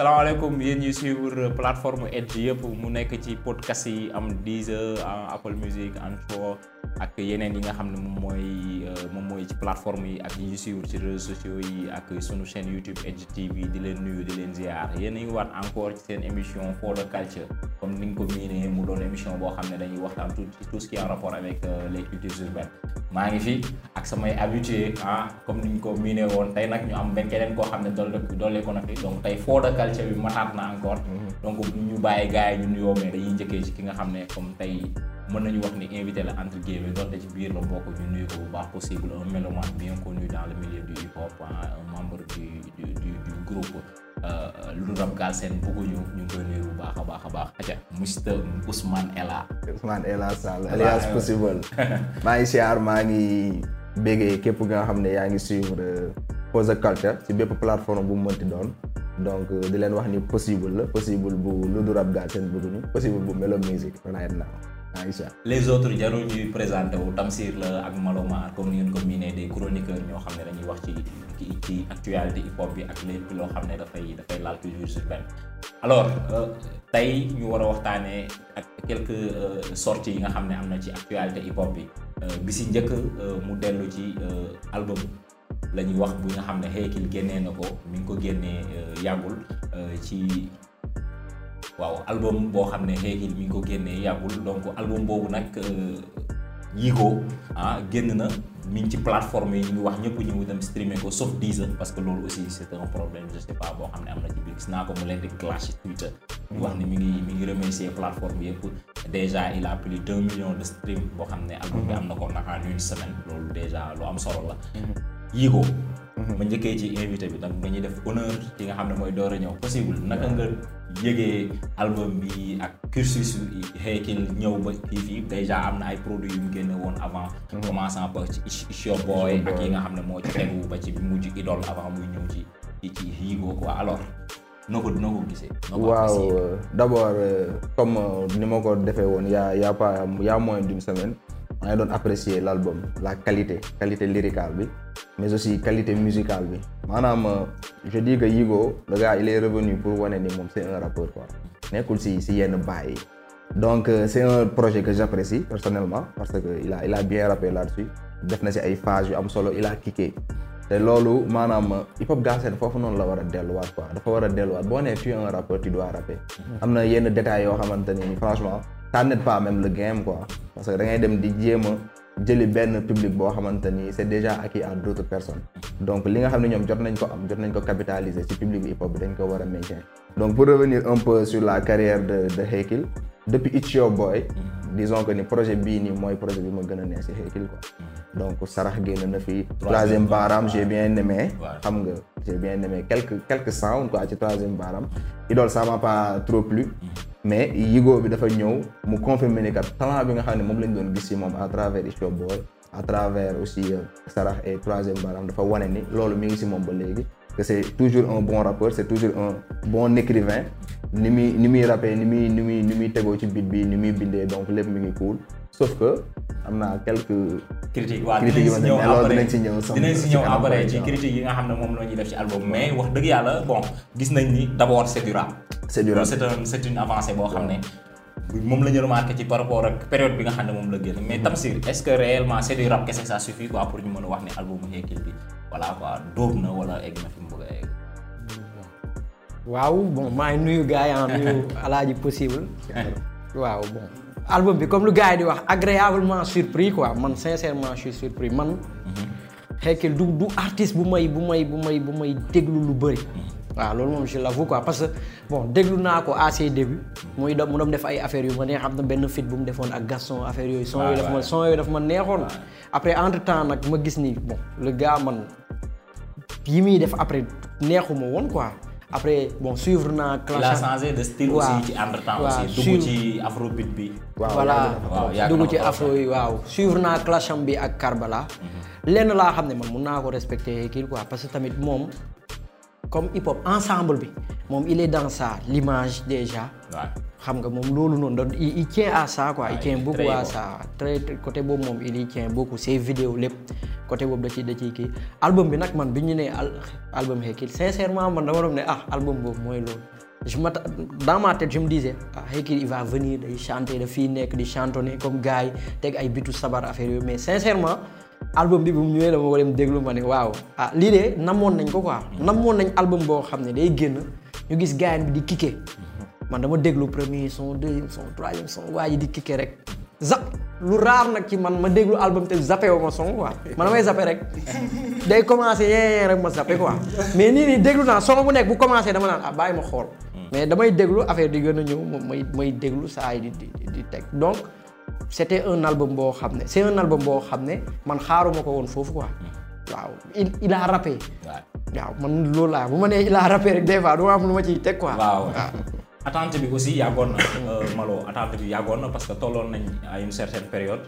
salaamaaleykum yéen ñuy suivre plateforme Edge yëpp mu nekk ci podcast yi am Deezer Apple Music Anchor ak yeneen yi nga xam ne moom mooy euh, moom mooy ci plateforme yi ak ñi ñuy suivre ci réseaux sociaux yi ak sunu chaîne YouTube Edge TV di leen nuyu di leen ziar yéen a ngi waat encore ci seen émission For the Culture comme ni nga ko miinee mu doon émission boo xam ne dañuy waxtaan tout tout ce qui est en rapport avec euh, les cultures urbaines maa ngi fi ak samay habitué ah comme ni ñu ko miinee woon tey nag ñu am benn keneen koo xam ne doole doole ko qualité bi mataat na encore donc ñu bàyyi gars yi ñun yoo mais dañuy njëkkee ci ki nga xam ne comme tey mën nañu wax ni invité la entre guillemets donte ci biir la bokk ñu nuyu ko bu baax possible un mélomane bien connu dans le membre du du du groupe lu rab gaal seen ñu ngi koy bu baax a baax a baax aca Mr Ousmane Ela Ousmane Ela Sall alias possible maa ngi siyaar maa ngi béggee képp nga xam ne yaa ngi suivre Pose Culture ci bépp plateforme bu mu mënti doon donc euh, di leen wax ni possible la possible bu Ludu Rap Gal seen bëgguñu possible bu Melo Music man ay na Aïcha les autres jarul ñuy présenté wu Tamsir la ak Malomar comme ni ngeen ko ñoo xam ne dañuy wax ci ci ci actualité hip hop bi ak lépp loo xam ne dafay dafay laal culture urbaine alors euh, tey ñu war a waxtaanee ak quelque euh, sorties yi nga xam ne am na ci actualité hip hop bi bi si njëkk mu dellu ci album la ñuy wax bu nga xam ne Hakill génnee na ko mi ngi ko génnee euh, yàggul euh, ci waaw album boo xam ne Hakill mi ngi ko génnee yàggul donc album boobu nag euh, Yigo ah génn na mi ngi ci plateforme yi ñu ngi wax ñëpp ñu ngi dem streamer ko sauf Deezer parce que loolu aussi c' est un problème je pas boo xam ne am na ci gis naa ko mu leen di clash ci Twitter. ñu wax ne mi ngi mi ngi remercier plateforme yëpp déjà il a plus d' million de stream boo xam ne album bi mhm. am na ko naka une semaine loolu déjà lu am solo la. Mhm. yigo mhm. ma njëkkee ci invité bi nag nga ñuy def honneur ki nga xam ne mooy door a ñëw possible naka nga yëgee album bi ak cursus Hakill ñëw ba kii fii déjà am na ay produits yu mu génne woon avant commençant par ci It's Your yi nga xam ne moo ci ba ci bi mujj idole avant muy ñëw ci ci yigo quoi alors noo ko noo ko gisee waaw euh, d'abord euh, comme euh, ni ma ko defee woon yaa yaa pas yaa moins d'une semaine maa ngi doon apprécier l'album la qualité qualité lyricale bi mais aussi qualité musicale bi maanaam euh, je dis que Yigo le gars il est revenu pour wane ni moom c'est un rappeur quoi nekkul si si yenn baay yi donc euh, c'est un projet que j'apprécie personnellement parce que il a il a bien rappé là-dessus def na si ay phase yu am solo il a kické te loolu maanaam euh, hip hop gaaseen foofu noonu la war a delluwaat quoi dafa war a delluwaat boo nee tu es un rappeur tu dois rapper mm-hmm. am na yenn détails yoo xamante ne ni franchement ça n'aide pas même jëli benn public boo xamante ni c'est déjà acquis à d'autres personnes donc li nga xam ne ñoom jot nañ ko am jot nañ ko capitaliser ci public bi hip hop bi dañ ko war a maintenir donc pour revenir un peu sur la carrière de de depuis It's Your Boy disons que ni projet bii nii mooy projet bi ma gën a neex si Hakill quoi donc sarax génn na fi troisième baram j'ai bien aimé xam nga j'ai bien aimé quelques quelques sound quoi ci troisième baram idole ça pas trop mais yigo bi dafa ñëw mu confirmer ni kat talent bi nga xam ne moom lañ doon gis ci moom à travers Isco Boy à travers aussi euh, Sarax et troisième baram dafa wane ni loolu mi ngi ci moom ba léegi parce que c'est toujours un bon rappeur c'est toujours un bon écrivain ni muy ni muy rappee ni muy ni muy ni muy tegoo ci beat bi ni muy bindee donc lépp mi ngi cool sauf que am naa quelques. critiques waaw dinañ si ñëw après ci critiques yi nga xam ne moom la ñuy def ci album mais wax dëgg yàlla bon gis nañ ni d' abord c' est durable. c'est un c' mm-hmm. c'est du rap kese ça suffit quoi pour ñu mën a wax ne album Hakill bi voilà quoi dóor na wala egg na fi mu bëgg a egg. waaw bon. album bi comme lu gars yi di wax agréablement surpris quoi man sincèrement je suis man. Hakill du du artiste bu may bu may bu may bu may déglu lu bëri. waaw loolu moom je l'avoue quoi parce que bon déglu naa ko à ses débuts muy doon mu doon def ay affaire yu ma neex xam na benn fit bu mu defoon ak Gaston affaire yooyu. son ah, yooyu daf ma son yooyu daf ma neexoon. après entre temps nag ma gis ni bon le gars man yi muy def après neexuma woon quoi. après bon suivre naa. clan changé de style aussi ci entre temps aussi dugg ci afrobeat bi. voilà dugg ci afro yi waaw suivre naa clasham bi ak Karbala mhm. lenn laa xam ne man mun naa ko respecté kii quoi parce que tamit moom comme hip hop ensemble bi moom il est dans ça l'image déjà. xam nga moom loolu noonu da il tient à ça quoi. il tient beaucoup à ça très côté boobu moom il y tient beaucoup ses vidéos lépp côté boobu da ciy da ciy kii. album bi nag man bi ñu ne album Hakill sincèrement man dama doon ne ah album boobu mooy loolu. je me dans ma tête je me disais ah Hakill il va venir day chanter fii nekk di chantonner comme gars teg ay bitu sabar affaire yooyu mais sincèrement. album bi bu mu ñëwee dama ko dem déglu ma ne waaw ah lii de namoon nañ ko quoi mm-hmm. namoon nañ album boo xam ne day génn ñu gis gaayan bi di kikke mm-hmm. man dama déglu premier son deuxième son troisième son waa di kikke rek zap lu nag ci man ma déglu album te zappé wu ma son quoi man damay zappé rek day commencé yee rek ma zappé quoi mais nii nii déglu naa son bu nekk bu commencé dama naan ah bàyyi ma xool mm. mais damay déglu affaire di gën a ñëw moom may may déglu saa yi di di di teg donc c'était un album boo xam ne c'est un album boo xam ne man xaaruma ko woon foofu quoi waaw il il a waaw man loolu laa bu ma nee il a rek des fa du ma am lu ma ciy teg quoi. waaw attente bi aussi yàggoon na euh, Malo attente bi yàggoon na parce que tolloon nañ à une certaine période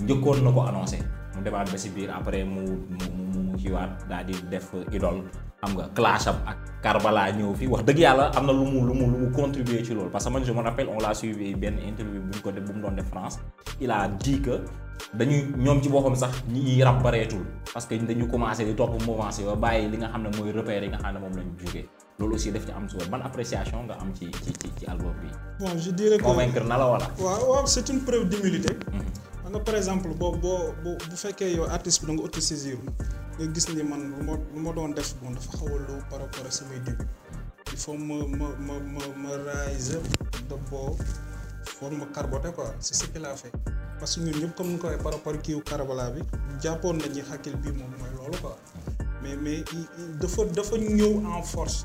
njëkkoon na ko annoncé mu demaat ba si biir après mu mu mu kiiwaat di def idole xam nga clash am ak Karbala ñëw fi wax dëgg yàlla am na lu mu lu mu contribuer ci loolu parce que man je me on l'a suivi benn interview bu ñu ko def bu mu doon def France il a dit que dañuy ñoom ci boppam sax ñi rab bareetul parce que dañu commencé di topp mouvance ba bàyyi li nga xam ne mooy repère yi nga xam ne moom lañu jógee loolu aussi daf ci am solo ban appréciation nga am ci ci bi. bon je dirais que mm-hmm. exemple da nga gis ni man lu ma doon def bon dafa xaw a low par rapport ak samay début il faut ma ma ma ma ma rise d'abord foog ma carboté quoi c'est ce qu'il a parce que ñun ñëpp comme ni ko waxee par rapport kiiw bi jàppoon nañu xakkil bii moom mooy loolu quoi mais mais dafa dafa ñëw en force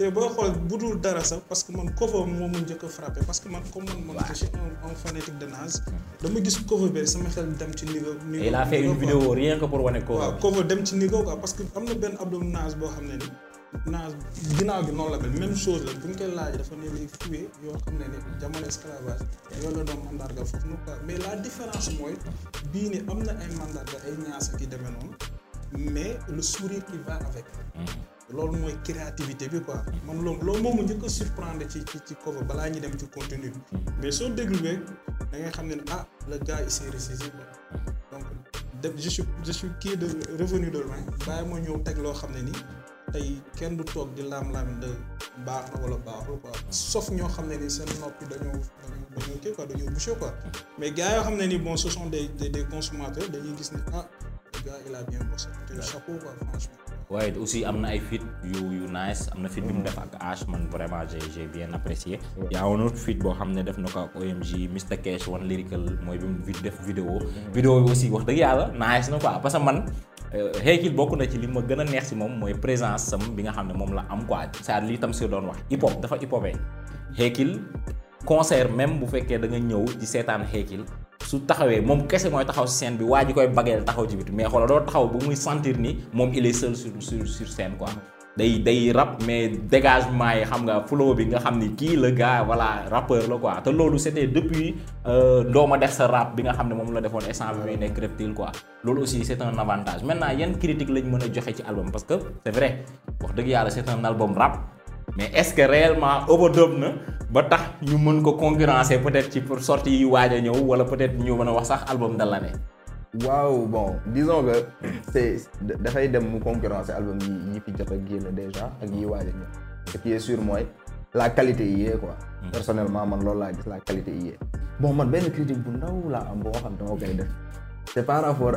te boo xool bu dul dara sax parce que man cover moo ma njëkk a parce que man comme man man je suis un de Nas dama gis cover bi sama xel dem ci Nigo Nigo il a fait une vidéo rien que pour wane cover dem ci Nigo quoi parce que am na benn album Nas boo xam ne ni Nas ginnaaw gi noonu la mel même chose la bu ñu koy laaj dafa ne lay fuwee yoo xam ne ni jamono esclavage yooyu la doon mandarga foofu noonu quoi mais la différence ni am na ay mandarga ay demee noonu mais le sourire qui va avec. Mm-hmm. loolu mooy créativité bi quoi. man loolu loolu moom mu njëkk a surprendre ci ci ci cover balaa ñuy dem ci contenu mm-hmm. mais soo dégluwee da ngay xam ne ah le gars il s'est ressaisi quoi mm-hmm. donc de je suis je suis kii de revenu de loin bàyyi ma ñëw teg loo xam ne ni tey kenn du toog di laam-laam de baax na wala baaxul quoi sauf ñoo xam ne ni seen noppi dañoo dañoo kii quoi dañoo bouché quoi mais gars yoo xam ne ni bon ce sont des des dañuy gis ne ah, le gars te waaye aussi am na ay feat yu yu nice am na feat bi mu def ak Ash man vraiment j'ai j'ai bien apprécié. y a un autre boo xam ne def na ko ak OMG Mr Cash One Lyrical mooy bi mu def vidéo vidéo bi aussi wax dëgg yàlla nice na quoi parce que man. Hakill euh, bokk na ci li ma gën a neex si moom mooy présence sam bi nga xam ne moom la am quoi c'est-à-dire lii tam si doon wax hip hop dafa hip hopé Hakill concert même bu fekkee da nga ñëw di seetaan Hakill su taxawee moom kese mooy taxaw si scène bi waa ji koy bageel taxaw ci biti mais xoolal doo taxaw bu muy sentir ni moom il est seul sur scène quoi. day day rap mais dégagement yi xam nga flow bi nga xam ni kii la gars voilà rappeur la quoi te loolu c'était depuis euh, Ndooma def sa rap bi nga xam ne moom la defoon essence bi muy nekk Reptyle quoi loolu aussi c'est un avantage maintenant yan critique lañ mën a joxe ci album parce que c'est vrai wax dëgg yàlla c'est ba tax ñu mën ko concurrencer peut-être ci pour sortie yi waaj a ñëw wala peut-être ñu mën a wax sax album de l'année waaw bon disons que c'est dafay dem mu concurrencer album yi yi fi jot a génn déjà ak yi waaj a ñëw ce qui est mooy la qualité yi yee quoi hmm. personnellement man loolu laa gis la qualité yi yee bon man benn critique bu ndaw laa am boo xam dama koy def c'est par rapport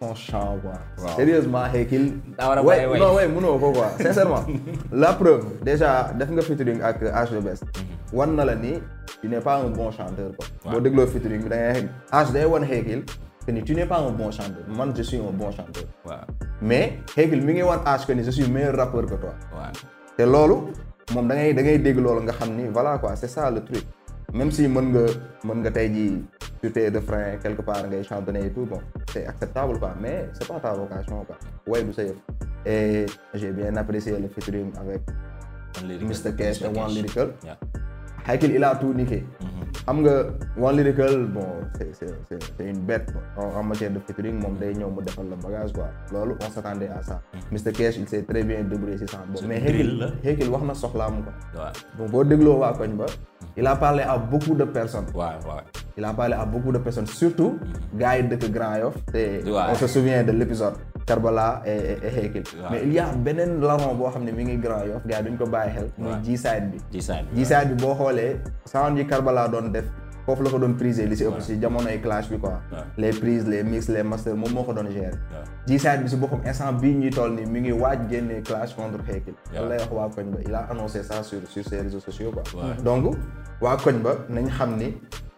son champ quoi. waaw sérieusement xëy kii. a bàyyi way non way mënoo ko quoi sincèrement. la preuve déjà def nga featuring ak H de Best. Mhm. wan na la ni tu n'es pas un bon chanteur quoi. waaw boo dégloo featuring bi da ngay xëy H day wan xëy kii ni tu n'es pas un bon chanteur man je suis un bon chanteur. mais xëy kii mi ngi wan H que ni je meilleur rappeur que toi. te loolu moom da ngay da ngay dégg loolu nga xam ni voilà quoi c'est ça le truc. même si mën nga mën nga tey jii tuté de frein quelque part ngay chantonner et tout bon c'est acceptable quoi mais c'est pas ta vocation quoi way du sa yëf et j'ai bien apprécié le featuring avec Mr Cash et One Lyrical Hakill il a tout niqué mm-hmm. am nga One Lyrical moom day ñëw mu defal le bagage quoi loolu on s'attendait à ça Mr Cash il s'est très bien débrouillé si sans boobu mais Hakill Hakill wax na soxlaam quoi donc boo dégloo waa koñ ba il a parlé à beaucoup de a parlé à beaucoup de personnes a beneen larron boo xam ne mi ngi Grand Yoff gars duñ ko bàyyi xel muy G-side bi G-side bi boo xoolee sound yi Karbala doon doon def foofu la ko doon priser li si ëpp si jamonoy clash bi quoi les prises les mix les masters moom moo ko doon gérer g bi si boppam instant bii ñuy toll nii mi ngi waaj génne clash contre Hakill lay wax waa koñ ba il a annoncé sur ses réseaux sociaux quoi donc waa koñ ba nañ xam ni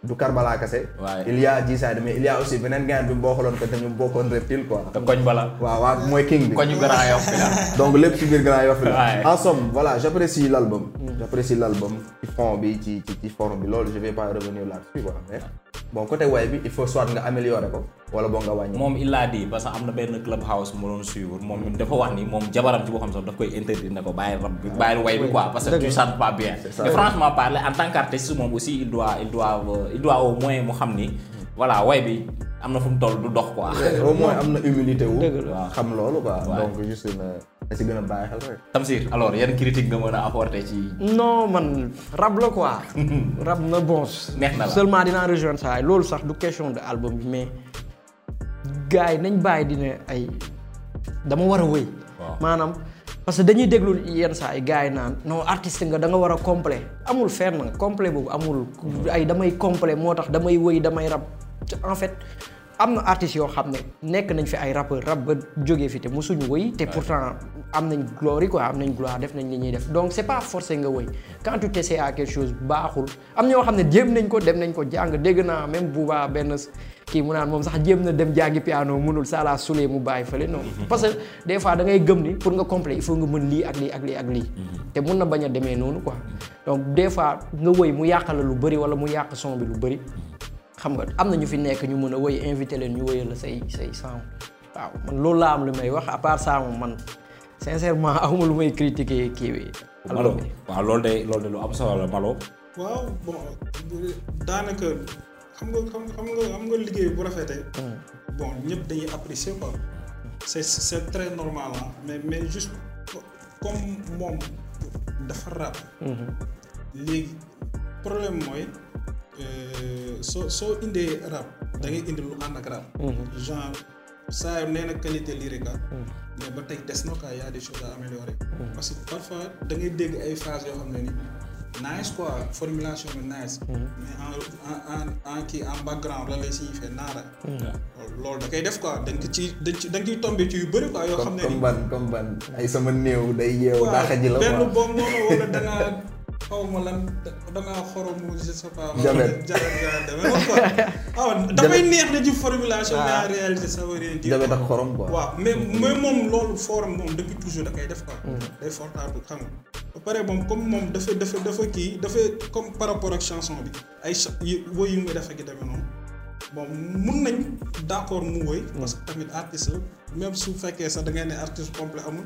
du Karbala kase il y a G-Side il y a aussi beneen gaan bi boo loon ko tamit bokkoon reptile quoi te koñ bala waaw waaw mooy king bi koñu Grand Yoff bi la donc lépp ci biir Grand Yoff la en voilà j'apprécie l'album mm. j'apprécie l'album ci fond bi ci ci ci forme bi loolu je vais pas revenir là-dessus quoi mais bon côté way bi il faut soit nga améliorer ko wala boo nga wàññi. moom il l'a parce que am na benn club house mu doon suivre moom dafa wax ni moom jabaram ci boo xam sax daf koy interdire ne ko bàyyi rab bi bàyyi way bi quoi parce que tu sens pas bien franchement parler en tant qu'artiste moom aussi il doit il doit euh, il doit au moins mu xam ni voilà way bi am na fu mu toll du dox quoi au am na humilité wu xam loolu quoi donc juste da si gën a bàyyi Tamsir alors yan critique nga mën a apporter ci. non man rab la quoi. rab na bon. neex na la seulement dinaa rejoindre saa loolu sax du question de album bi mais gars yi nañ bàyyi dina ay dama war a wëy. maanaam parce que dañuy déglu yenn sax ay gars yi naan non artiste nga da nga war a complet amul fenn complet boobu amul. Hmm. ay damay complet moo tax damay wëy damay rab en fait. am na artistes yoo xam ne nekk nañ fi ay rappeur rap ba jógee fi te mosuñu woy te pourtant am nañ gloire quoi am nañ gloire def nañ li ñuy def donc c'est pas forcé nga woy quand tu t'essaies à quelque chose baaxul am ñoo xam ne jéem nañ ko dem nañ ko jàng dégg naa même Bouba benn kii mu naan moom sax jéem na dem jàngi piano mënul saa la sulee mu bàyyi fële non mhm. parce que des fois da gëm ni pour nga complet il faut nga mën lii ak lii ak lii ak lii mhm. te mun na bañ a demee noonu ko donc des fois nga woy mu yàq la lu bëri wala mu yàq son bi lu bëri xam nga am na ñu fi nekk ñu mën a woy invité leen ñu woyal la say say sound waaw loolu laa am lu may wax à part ça moom sincèrement awma lu may critiquer kii bi. Malo waaw loolu day loolu de lu am solo la Malo. waaw bon daanaka xam nga xam nga xam nga liggéey bu rafetee. Hmm. bon ñëpp dañuy apprécier quoi. c'est c'est très normal ah mais mais juste comme moom dafa rap. Hmm. léegi problème mooy euh, soo soo indee rap da ngay indi lu ànd ak rap. Hmm. saa nee na qualité lyrique hmm. mais ba tey des na quoi y a des choses à améliorer. Hmm. parce que parfois da ngay dégg ay phrases yoo xam ne ni nice quoi formulation bi nice. Hmm. mais en en en kii en background la lay signifier naara. loolu da def ko da ci da nga ciy tombé ci yu bëri quoi yoo xam ne ni comme ban comme ban ay sama néew day yeewu. daaxa ji la benn boobu noonu wala da xaw ma lan da ngaa xorom je sais pas. jabet jabet dafay neex na ci formulation. waaw ah. la réalité ça veut rien dire. jabet ak waaw mais mm-hmm. mais moom loolu forum moom depuis toujours da koy def ko mm-hmm. day fortaatu xam nga. ba pare moom comme moom dafa def dafa kii dafa comme par rapport ak chanson bi ay cha woy yu muy def ak i demee noonu. bon mun nañ d'accord mu woy mm-hmm. parce que tamit artiste la même su fekkee sax da ngay ne artiste complet amul.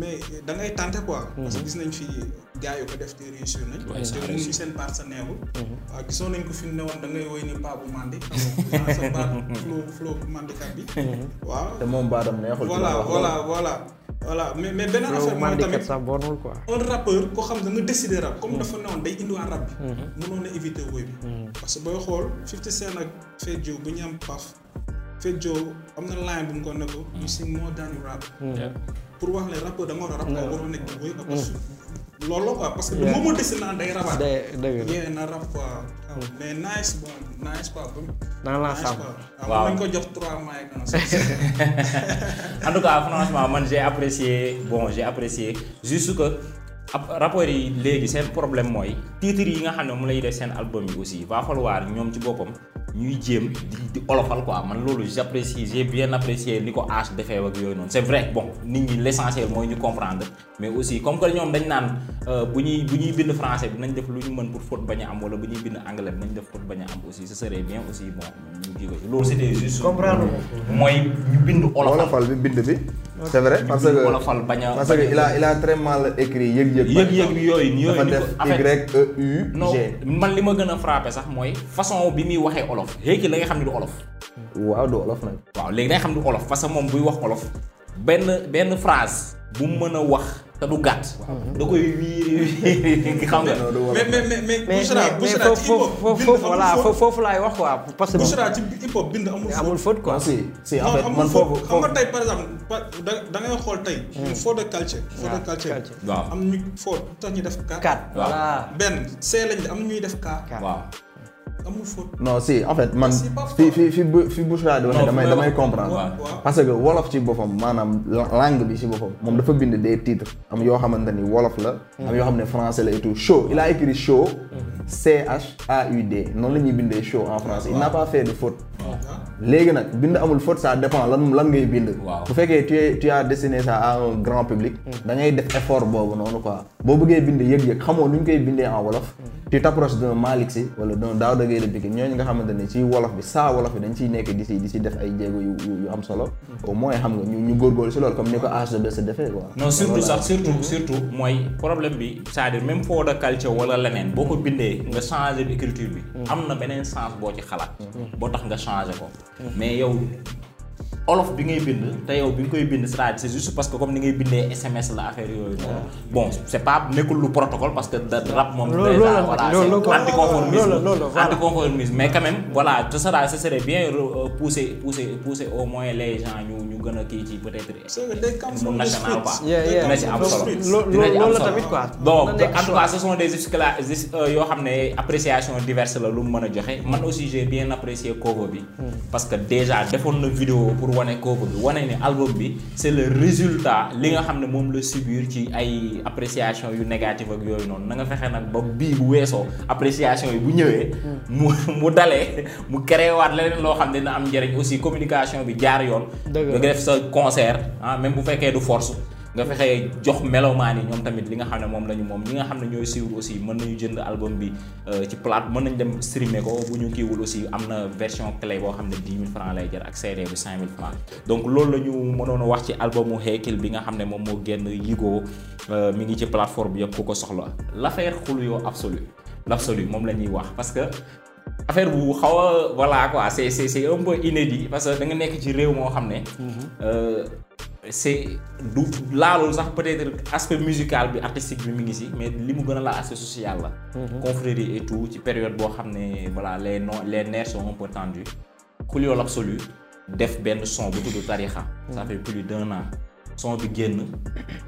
mais da ngay tenter quoi. parce que nañ fii. gars yi ko def te réussir nañ. te réussir seen part sa neexul. Mhm. waaw gisoon nañ ko fi mu ne woon da ngay woy ni paa bu mandi. xam sa baat flow flow bu mandikat bi. Mhm. waaw te moom baatam neexul. voilà voilà a mhm. parce que booy xool Fifty Cent ak Fat bu ñu paf. Fat am na line bu mu ko ne ko. you sing more pour wax ne rappeur da war a rap. waaw waroon nekk woy ak loolu la quoi parce que moom moo dese naan day rabaat. day dëgg na rab quoi. mais nice bon nice quoi. dans l'ensemble ah, waaw nañ ko jox trois mois en tout cas franchement man j'ai apprécié bon j'ai apprécié juste que. rapport yi léegi seen problème mooy titres yi nga xam ne mu lay def seen album yi aussi va falloir ñoom ci boppam ñuy jéem di di olofal quoi man loolu j'apprécie j'ai bien apprécié li ko âge defee ak yooyu noonu c'est vrai bon nit ñi l'essentiel mooy ñu comprendre mais aussi comme que ñoom dañ naan euh, bu ñuy bind français bi nañ def lu ñu mën pour bañ a am wala bu ñuy bind anglais bi nañ def faute bañ a am aussi ce serait bien aussi bon mooy ñu bind olofal bi bind bi c'est vrai parce que olofal bañ a parce mal écrit yëg-yëg yëg-yëg bi yooyu yooyu dafa def Y e, G non man li ma a bi muy waxee olof olof Hakill la nga xam ne du olof. waaw du olof nag. waaw léegi day xam du olof parce que moom buy wax olof benn benn phrase bu mu a wax te du gàtt. da koy wiiri xam nga. mais mais mais Bouchra Bouchra ci hip hop bind foofu foofu parce que. Bouchra ci hip hop bind amul. amul faute quoi si si en fait man foofu xam tey par exemple da da ngay xool tey. Hmm. de culture. faute a ah, culture waaw am ñu faute tax ñu def. kat kat voilà benn see lañ waaw. amul faute en fait man ah, fi fi fi fi Bouchra di waxee damay damay comprendre parce que wolof ci boppam maanaam langue bi ci boppam moom dafa bind des titres am yoo xamante ni wolof la am yoo xam ne français la et tout chaud il a écrit mm-hmm. chaud noonu la ñuy bindee chaud en français il n'a pas fait de faute léegi nag bind amul faute ça dépend lan lan ngay bind. bu fekkee tu es tu as destiné ça à grand public. Hmm. da def effort boobu noonu quoi. boo bëggee bind yëg-yëg xamoo nu ñu koy bindee en wolof. Hmm. tu t'approches d'un Malick Sy wala d'un Daouda Gueye de Pikine ñooñu nga xamante ne ci wolof bi saa wolof bi dañ ciy nekk di si di si def ay jéego yu yu am solo. oo hmm. moins xam nga ñu ñu góorgóorlu si loolu comme ni ko H2S defee quoi. non surtout sax surtout mooy problème bi c'est-à-dire même wala leneen boo ko bindee nga changer écriture bi. am na beneen boo ci xalaat. boo tax nga changer ko. mais yow olof bi ngay bind te yow bi nga koy bind c'est-à-dire parce que comme ni ngay bindee SMS la affaire yooyu noonu bon c'est pas nekkul lu protocole parce que da rap moom déjà voilà c'est anticonformisme anticonformisme mais quand même voilà ce sera ce serait bien euh, pousser pousser pousser au moins les ñu ñu a kii ci peut-être mu national quoi dina ci am solo dina ci am solo bon en tout cas ce euh, yoo xam ne appréciation diverse la lu mu mën a joxe man pour wane cover bi wane ne album bi c'est le résultat li nga xam ne moom la subir ci ay apréciation yu négative ak yooyu noonu na nga fexe nag ba bii bu weesoo apréciation yi bu ñëwee mu mu dalee mu créé waat leneen loo xam ne dina am njëriñ aussi communication bi jaar yoon nga def sa concert ah même bu fekkee du force nga fexe jox melomaan yi ñoom tamit li nga xam ne moom la ñu moom li nga xam ne ñooy suivre aussi mën nañu jënd album bi euh, ci plate mën nañ dem streamer ko bu ñu kiiwul aussi am na version clé boo xam ne 10 000 francs lay jar ak CD bi 5 000 francs donc loolu la ñu mënoon a wax ci albumu Hakill bi nga xam ne moom moo génn Yigo euh, mi ngi ci plateforme bi yëpp ku ko soxla l'affaire xuluyo absolu l'absolu moom la ñuy wax parce que affaire bu xaw a voilà quoi c'est c'est c'est un peu inédit que da nga nekk ci réew moo xam ne mhm. euh, c'est du laalul sax peut-être aspect musical bi artistique bi mi ngi si mais li mu gën a laal aspect social la. Mhm. confrérie et tout ci période boo xam ne voilà les non les nerfs sont un peu tendus. def benn son bu tudd Tarixa. Mhm. ça fait plus d'un son bi génn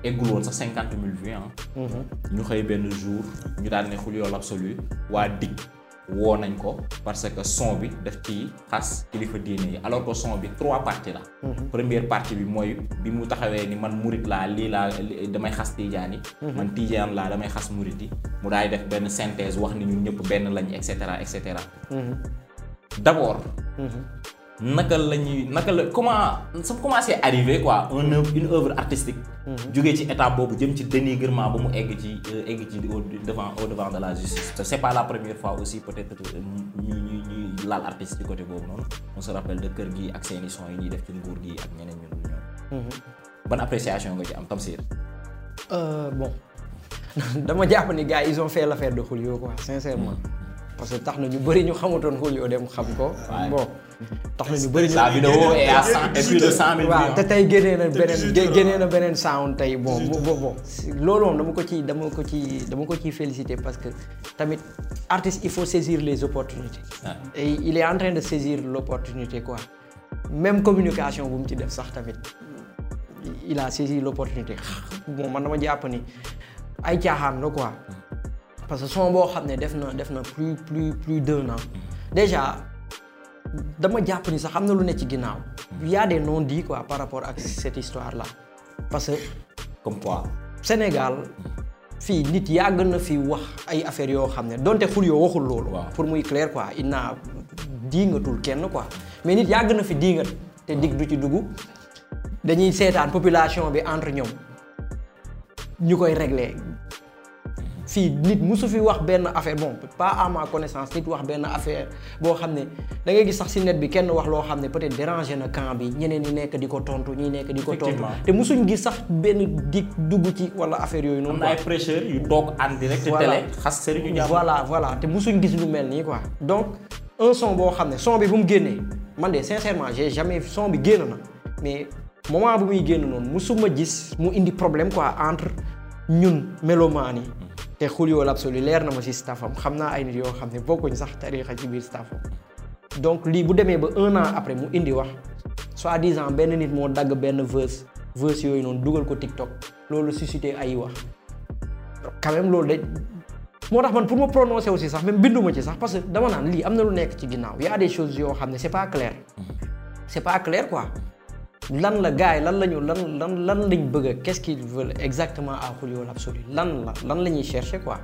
eggul woon sax cinquante mille vues ah. ñu xëy benn jour ñu daan ne Coolio l'absolu waa dig woo nañ ko parce que son bi def ci xas kilifa diine yi alors que son bi trois parties la. Mhm. première partie bi mooy bi mu taxawee ni man murit laa lii laa damay xas tiijaan yi. Mhm. man tijaan laa damay xas murit yi mu daay def benn synthèse wax ni ñu ñëpp benn lañ et cetera et cetera. Mhm. d'abord. naka la ñuy naka la comment ça commencé arrivé quoi un oeuvre une oeuvre artistique. Mhm. jógee ci état boobu jëm ci dénigrement ba mu egg ci euh, egg ci au devant au devant de la justice. c'est pas la première fois aussi peut-être euh, ñu ñu ñuy laal artiste ci côté boobu noonu on se rappelle de kër gi ak seeni son yi ñuy def ci nguur gi ak ñeneen ñu dul ñoom. Mhm. ban appréciation nga ci am Tamsir. Euh, bon dama jàpp ni gars ils ont fait l'affaire de Julio sincèrement. Mhm. parce que tax na ñu bëri ñu xamutoon Julio dem xam ko. bon. tax na ñu bëri ñu. la vidéo est à de cent mille. waaw te tey génnee na beneen na beneen sound tey bon bon bon. loolu moom dama ko ci dama ko ci dama ko ciy féliciter parce que tamit artiste il faut saisir les opportunités. et il est en train de saisir l'opportunité quoi. même communication bu mu ci def sax tamit il a saisi l'opportunité bon man dama jàpp ni ay caaxaan la quoi mm. parce que son boo xam ne def na def na plus plus plus d'un an mm. déjà. dama jàpp ni sax xam na lu ne ci ginnaaw y a des non-dits quoi par rapport ak cette histoire la parce que comme quoi Sénégal fii nit yàgg na fi wax ay affaires yoo xam ne donte xul yoo waxul loolu pour muy clair quoi il naa diingatul kenn quoi mais nit yàgg na fi diingat te dig du ci dugg dañuy seetaan population bi entre ñoom ñu koy régler fii nit musu fi wax benn affaire bon pas à ma connaissance wax benn affaire boo xam ne da ngay gis sax ci net bi kenn wax loo xam ne peut-être dérangé na camp bi ñeneen ñi nekk di ko tontu ñi nekk di ko tontu te musuñ gis sax benn dig dugg ci wala affaire yooyu noonu am na ay prêcheurs yu toog en direct télé xas sëriñu jàpp voilà voilà te musuñ gis lu mel nii quoi donc un son boo xam ne son bi bu mu génnee man de sincèrement j'ai jamais son bi génn na mais moment bu muy génn noonu musuma gis mu indi problème quoi entre ñun mélomanes yi te Julio Lapso li leer na ma ci staffam xam naa ay nit yoo xam ne bokkuñ sax tariixa ci biir staffam donc lii bu demee ba un an après mu indi wax soi-disant benn nit moo dagg benn verse verse yooyu noonu dugal ko TikTok loolu suscité ay wax quand loolu de moo tax man pour ma prononcer aussi sax même binduma ci sax parce que dama naan lii am na lu nekk ci ginnaaw y a des yoo xam ne c'est pas clair mm-hmm. c'est pas clair quoi lan la gars yi lan la ñu lan lan lan lañ bëgg a qu'est-ce exactement à Julio l'absolu lan la lan la ñuy chercher quoi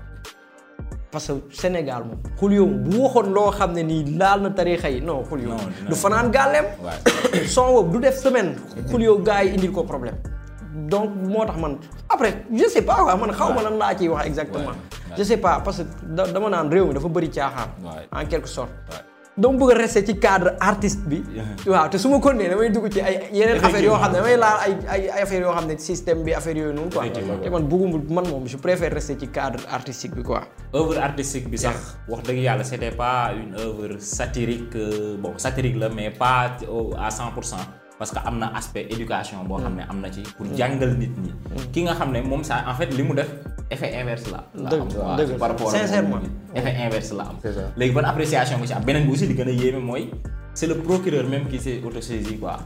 parce que Sénégal moom Julio bu waxoon loo xam ne nii laal na tarixa yi non Julio du fanaan gàlleem soo boobu du def semaine Julio gars yi indil ko problème donc moo tax man après je sais pas quoi man xaw ma lan laa ciy wax exactement je sais pas parce que dama naan réew mi dafa bëri caaxaan en quelque sorte dama bëgg a rester ci cadre artiste bi. waaw te su ma continuer damay dugg ci ay yeneen affaire yoo xam ne damay laal ay ay affaire yoo xam ne système bi affaire yooyu noonu quoi. te man bëgguma man moom je préfère rester ci cadre artistique bi quoi. œuvre artistique bi sax. wax dëgg yàlla c'était pas une œuvre satirique euh, bon satirique la mais pas à cent pour cent. parce que am na aspect éducation boo xam ne mm. am na ci pour jàngal nit ñi mm. ki nga xam ne moom ça en fait li mu def effet inverse la la am par rapport sincèrement effet inverse la am léegi ban appréciation nga ci am beneen bi aussi li gën a yéeme mooy c'est le procureur même qui s'est autosaisi quoi.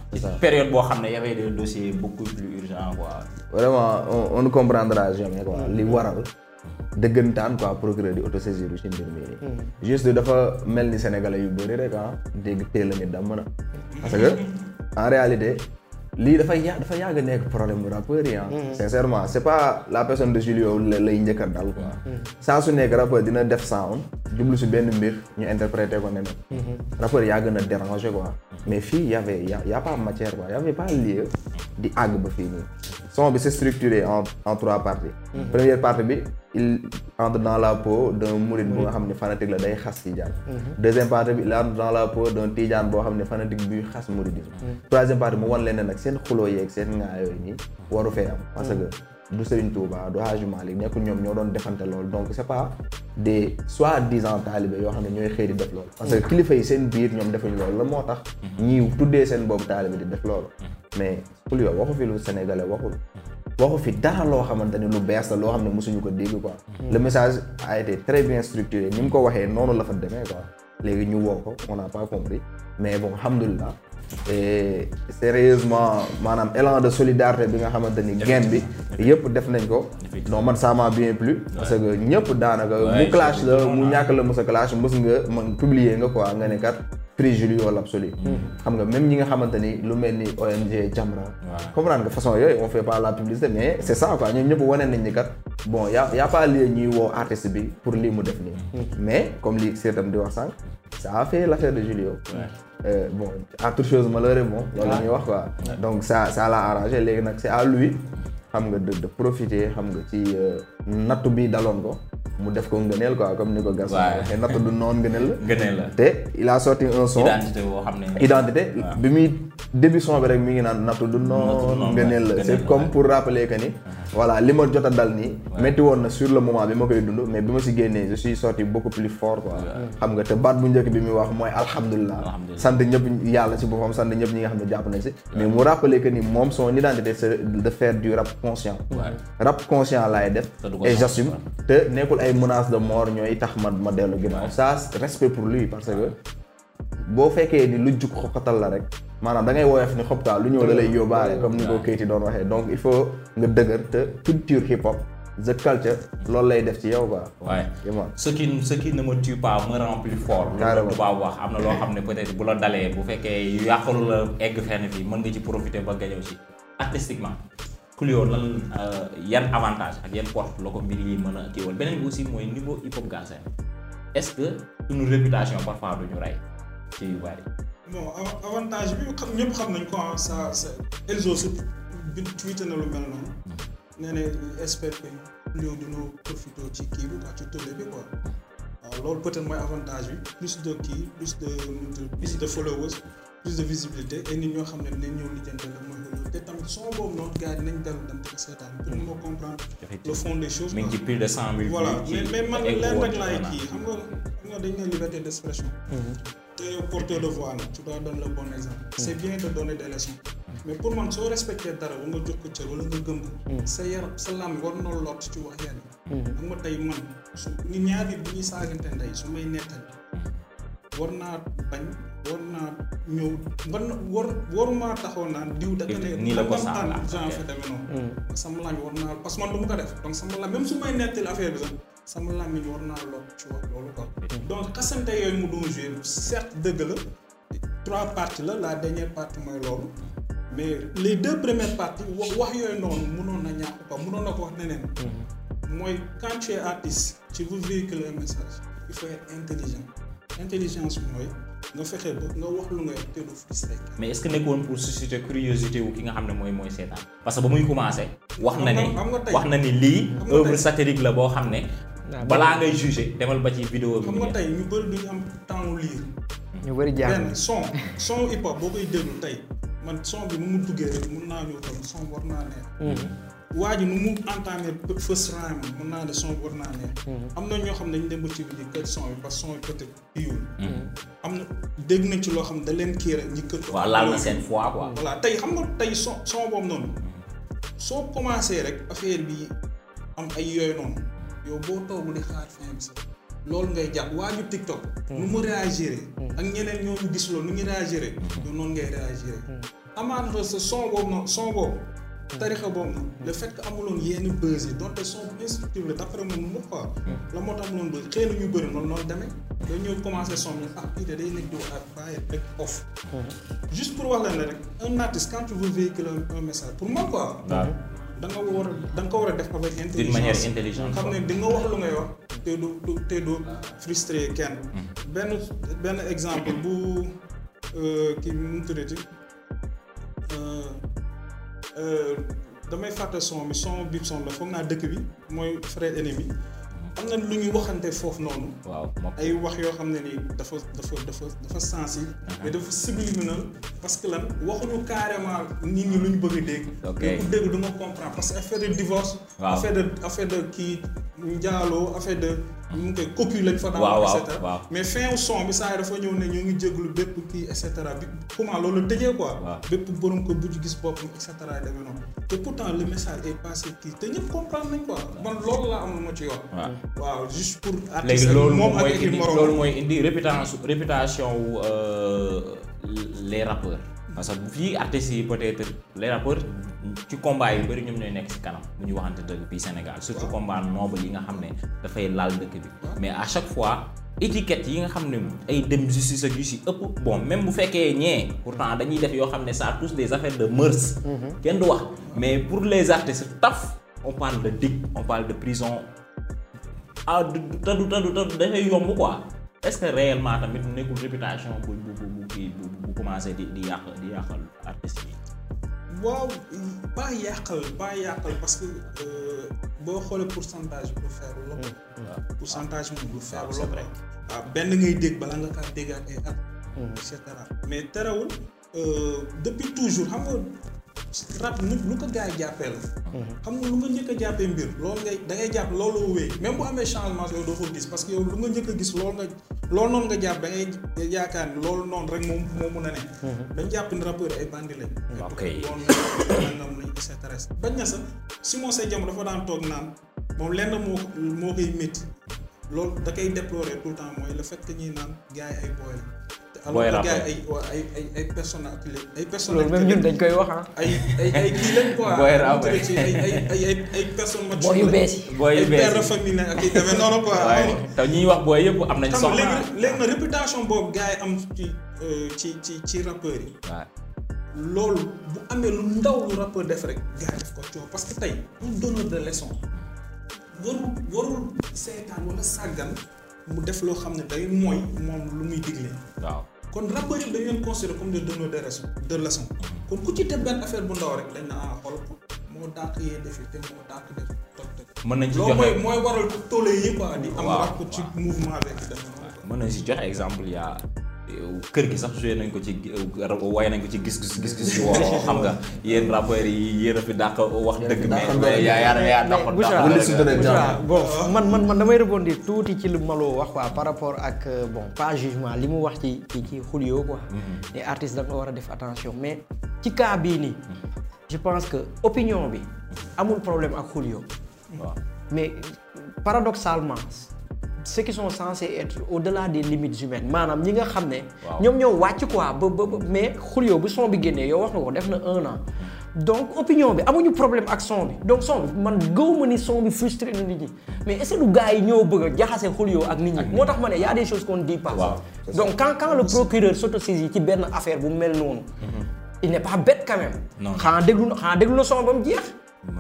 période boo xam ne y avait des bu beaucoup plus urgents quoi. vraiment on ne comprendra jamais quoi li mm. waral dëggantaan quoi procureur di autosaisir ci mbir mi nii. juste dafa mel ni sénégalais yu bëri rek ah dégg teel a ngi damm na en réalité lii dafa yàgg dafa yàgg nekk problème bu rappeurs yi ah. Mm. sincèrement c' est pas la personne de Julio lay njëkk a dal quoi. Mm. saa su nekk rappeur dina def sound jublu si benn mbir ñu interprété ko neneen. Mm-hmm. rappeur yaa gën a dérangé quoi. mais fii y' avait a y' a matière quoi y' avait pas lieu di àgg ba fii nii. son bi c' est en trois parties. Mm-hmm. première partie bi. il entre dans la peau d'un mouride bu nga xam ne fanatique la day xas tijaan mhm. deuxième partie bi il entre dans la peau d'un tijaan boo xam ne fanatique buy xas mouridisme mhm. troisième partie mu wan leen ne nag seen xuloo yeeg seen ŋaa yooyu nii waru fee am parce mhm. que du Serigne Touba du Hadj Malick nekkul ñoom ñoo doon defante loolu donc c'est pas des soi-disant yoo xam ne ñooy xëy di def loolu parce que kilifa yi seen biir ñoom defuñ loolu la moo tax ñi tuddee seen boobu talibé di def loolu mais xul yoo waxu fi waxu fi dara loo xamante ni lu bees la loo xam ne mosuñu ko dégg quoi. le message a été très bien structuré ni mu ko waxee noonu la fa demee quoi léegi ñu woo ko on n'a pas compris mais bon alhamdulilah. et sérieusement maanaam élan de solidarité bi nga xamante ni gain bi yëpp def nañ ko non man ça m'a bien plu parce que ñëpp daanaka mu clash la mu ñàkk la mos a clash mos nga man publier nga quoi nga ne kat préjugé la absolu mm-hmm. xam nga même ñi nga xamante ni lu mel ni ONG Jamra comprendre nga façon yooyu on fait pas la publicité mais c' est ça quoi ñoom ñëpp wane nañ ni kat bon y' a y' a pas lieu ñuy woo artiste bi pour lii mu def nii mm-hmm. mais comme lii seetam di wax sànq ça à fait la affaire de Julio Euh, bon entre chose malheureusement loolu la ñuy wax quoi donc ça ça l'a arrangé léegi nag c'est à lui xam nga de de profiter xam nga ci euh, nattu bi daloon ko mu def ko ngëneel quoi comme ni ko gas te natt du noon ngëneel la ngëneel la te il a sorti un son identité xam ne identité bi muy début son bi rek mi ngi naan nattu du noon ngëneel la c'est comme pour rappeler que ni voilà li ma jot a dal nii métti woon na sur le moment bi ma koy dund mais bi ma si génnee je suis sorti beaucoup plus fort quoi xam nga te baat bu njëkk bi muy wax mooy alhamdulilah sant ñëpp yàlla si boppam sant ñëpp ñi nga xam ne jàpp nañ si mais mu rappeler que ni moom son identité c'est de faire du rap conscient rap conscient laay def et j'assume te nekkul ay menaces de mort ñooy tax ma ma dellu ginnaaw ça respect pour lui parce que boo fekkee ni lu jug xoqatal la rek maanaam da ngay woyof ni xob lu ñëw da lay yóbbaale comme ni ko Keyti doon waxee donc il faut nga dëgër te culture hip hop the culture loolu lay def ci yow quoi. waaye ce qui ce qui ne me tue pas me rend plus fort. carrément ba tubaab wax am na loo xam ne peut-être bu la dalee bu fekkee yàqalu la egg fenn fii mën nga ci profiter ba gañew ci artistiquement Coolio lan euh, yan avantage ak yan porte la ko mbir yi mën a kiiwal beneen bi mooy niveau hip hop gaaseen ce que une réputation parfois ñu rey. kii yu bari. bon avantage bi xam ñëpp xam nañ ko ah ça ça Elzo si bi tweeté na lu mel noonu mm. nee na espère que Lion dina ci kii bi quoi ci tournée bi quoi waaw loolu peut-être mooy avantage bi plus de kii plus de plus de followers. plus de visibilité ne dinañ ñëw lijjante la mooy loolu te tamit son boobu noonu gars yi dinañ pour de cent mille voilà mais mais man d' expression mm-hmm. te yow porteur de voix la tu dois donner le bon exemple mm. c' est bien mm. soo respecté dara ba nga jox cër wala nga gëm mm. sa yaram sa lam war na lot ci wax yenn mm-hmm. xam nga tey man su ñi ñaari bi ñuy saagante ndey su may nettali war naa bañ war naa ñëw mën war warumaa taxaw naan diw da nga ne. nii la ko sànq genre fa tamit noonu. sama laaj war naa parce que man du mu ko def donc sama laaj même su may nettali affaire bi sax sama laaj mi war naa lor ci wax loolu quoi. Mm. donc xasante yooyu mu doon joué certes dëgg la trois parties la la dernière partie mooy loolu. mais les deux premières parties wax wax yooyu noonu mënoon na ñàkk quoi mënoon na ko wax neneen. Mm-hmm. mooy quand tu es ci tu veux véhiculer un message il faut intelligence mooy. nga fexe ba nga wax lu ngay te du gis rek. mais est-ce que nekkoon pour susciter curiosité wu ki nga xam ne mooy mooy seetaan parce que ba muy commencé. wax na ni wax na ni lii. œuvre satirique la boo xam ne. balaa ngay jugé demal ba ci vidéo bi. xam nga tey ñu bëri duñu ñu bëri jaaxle benn son son hip boo koy déglu tey man son bi nu mu duggee rek mun naa ñëw tam son war naa neex. Mm-hmm. waa ji nu mu entamé first round bi naa ne son bi war naa ne mhm. am na ñoo xam ne dañu dem ba ci biir kër son bi parce que bi peut être kiiwul mhm. am na ci loo xam ne da leen kii rek ñi kër waaw laal tey xam nga tey son son noonu mhm. soo commencé rek affaire bi am ay yooyu noonu yow boo toogul di xaar fin bi sax loolu ngay jàpp waa ju TikTok nu mu réagiré ak ñeneen ñoo ñu gis loolu nu ñu réagiré yow noonu ngay réagiré amaana sa son boobu noonu boobu tarixa boobu nag le fait que amuloon yenn buzz yi donte instructive la d'après moom mu quoi hmm. la moo tax amuloon buzz xëy na ñu bëri noonu noonu demee da ñëw commencé son ñu ah idée day nekk di wax ak bàyyi rek off hmm. juste pour wax leen ne rek un artiste quand tu veux véhiculer message pour ma quoi hmm. da nga war a da nga ko war a def avec intelligence xam ne di nga wax lu ngay wax te du te du frustré kenn benn exemple bu euh, kii mu tuddati euh, Euh, damay fàtte son bi son bip son la foog naa dëkk bi mooy frère ennemi am na lu ñuy waxante foofu noonu. ay wax yoo xam ne nii dafa dafa dafa dafa sensible. Uh-huh. mais dafa subliminal parce que lan waxuñu carrément nit ñi lu ñu bëgg a dégg. ok dégg du ma comprendre parce que affaire de divorce. affaire affaire de kii. njaaloo affaire de. mu ngi koy cocu lañ fa. waaw et cetera mais fin son bi saa yi dafa ñëw ne ñoo ngi jéglu bépp kii et cetera bi comment loolu tëjee quoi. bépp borom ko bu gis boppam et cetera demee noonu. te pourtant le message est passé kii te ñëpp comprendre nañ quoi man loolu laa am lu ma ci yor. waaw juste pour. artiste moom ak léegi loolu mooy indi loolu mooy indi réputation réputation wu euh, les rappeurs. parce que fii artistes yi peut-être les ci combat yu bëri ñoom ñooy nekk si kanam bu ñu waxante dëgg bi Sénégal surtout combat noble yi nga xam ne dafay laal dëkk bi mais à chaque fois étiquette yi nga xam ne ay dem justice ak yu ëpp bon même bu fekkee ñee pourtant dañuy def yoo xam ne ça touche des affaires de mœurs kenn du wax mais pour les artistes taf on parle de dig on parle de prison ah du tadu tadu tadu dafay yomb quoi est-ce que réellement tamit nekkul commencé di di yàq di yàqal artistes yi. waaw pas yàqal pas yàqal parce que euh, boo xoolee pourcentage bu faible la. pour pourcentage moom bu faible la. rek waaw benn ngay dégg bala nga kaa dégg ak ay at. Hmm. et mais terewul euh, depuis toujours xam nga. rab nit lu ko gars yi jàppee la. xam nga lu nga njëkk a jàppee mbir. loolu ngay da ngay jàpp loolu wéy même bu amee changement yooyu doo ko gis parce que yow lu nga njëkk a gis loolu nga loolu noonu nga jàpp da ngay yaakaar ni loolu noonu rek moom moo mun a ne. Mhm. dañ jàpp ni rappeurs ay bandi lañ. ok loolu nangam lañ et cetera. bañ dafa daan toog naan moom lenn moo moo koy métti loolu da koy déplorer tout temps mooy le fait que ñuy naan gars yi ay booy la. booy rap ay ay ay ay personnes loolu même ñun dañ koy wax ah. ay ay ay kii lañ quoi. booy rap ay yu bees yi yu bees yi ay de famille la ñuy wax booy yëpp am nañ soxla. léegi réputation boobu gars yi am ci euh, ci ci ci rappeurs yi. waaw loolu bu amee lu ndaw lu rappeur def rek gars def ko coow parce que tey un donneur de leçon warul warul seetaan wala sàggan mu def loo xam ne day mooy moom lu muy digle. waaw. kon rappeurs dañ leen considéré comme des donneurs de leçon de leçon kon ku ci teg benn affaire bu ndaw rek dañ na ah xool moo dàq yee defi te moo dàq def toj toj. mën nañ ci joxe mooy mooy waral tool yi quoi. di am rapport ci mouvement beeg. waaw mën nañ si joxe exemple yaa kër gi sax joué nañ ko ci waaye nañ ko ci gis-gis gis-gis yu waroo xam nga yéen rappeurs yi yéen a fi dàq wax dëgg mais yaa yaa yaa dàq Bouchra bon man man damay rebondir tuuti ci lu Malo wax quoi par rapport ak euh, bon pas jugement li mu wax ci ci ci Julio quoi ne mhm. artiste da war a def attention mais ci cas bii nii mhm. je pense que opinion bi amul problème ak Julio waaw mais paradoxalement ce qui sont censés être au-delà des limites humaines maanaam ñi nga xam ne. ñoom ñoo wàcc quoi ba ba mais xul yow bu son bi génnee yow wax na ko def na un an. donc opinion bi amuñu problème ak son bi donc son bi man gëw ma ni son bi frustré na nit ñi mais est-ce que du gars yi ñoo bëgg a jaxase xul ak nit ñi. moo tax ma ne y a des choses qu'on dit donc quand quand le procureur s'autosaisit ci benn affaire bu mel noonu. Mhm. il n'est pas bête quand même. non xanaa déglu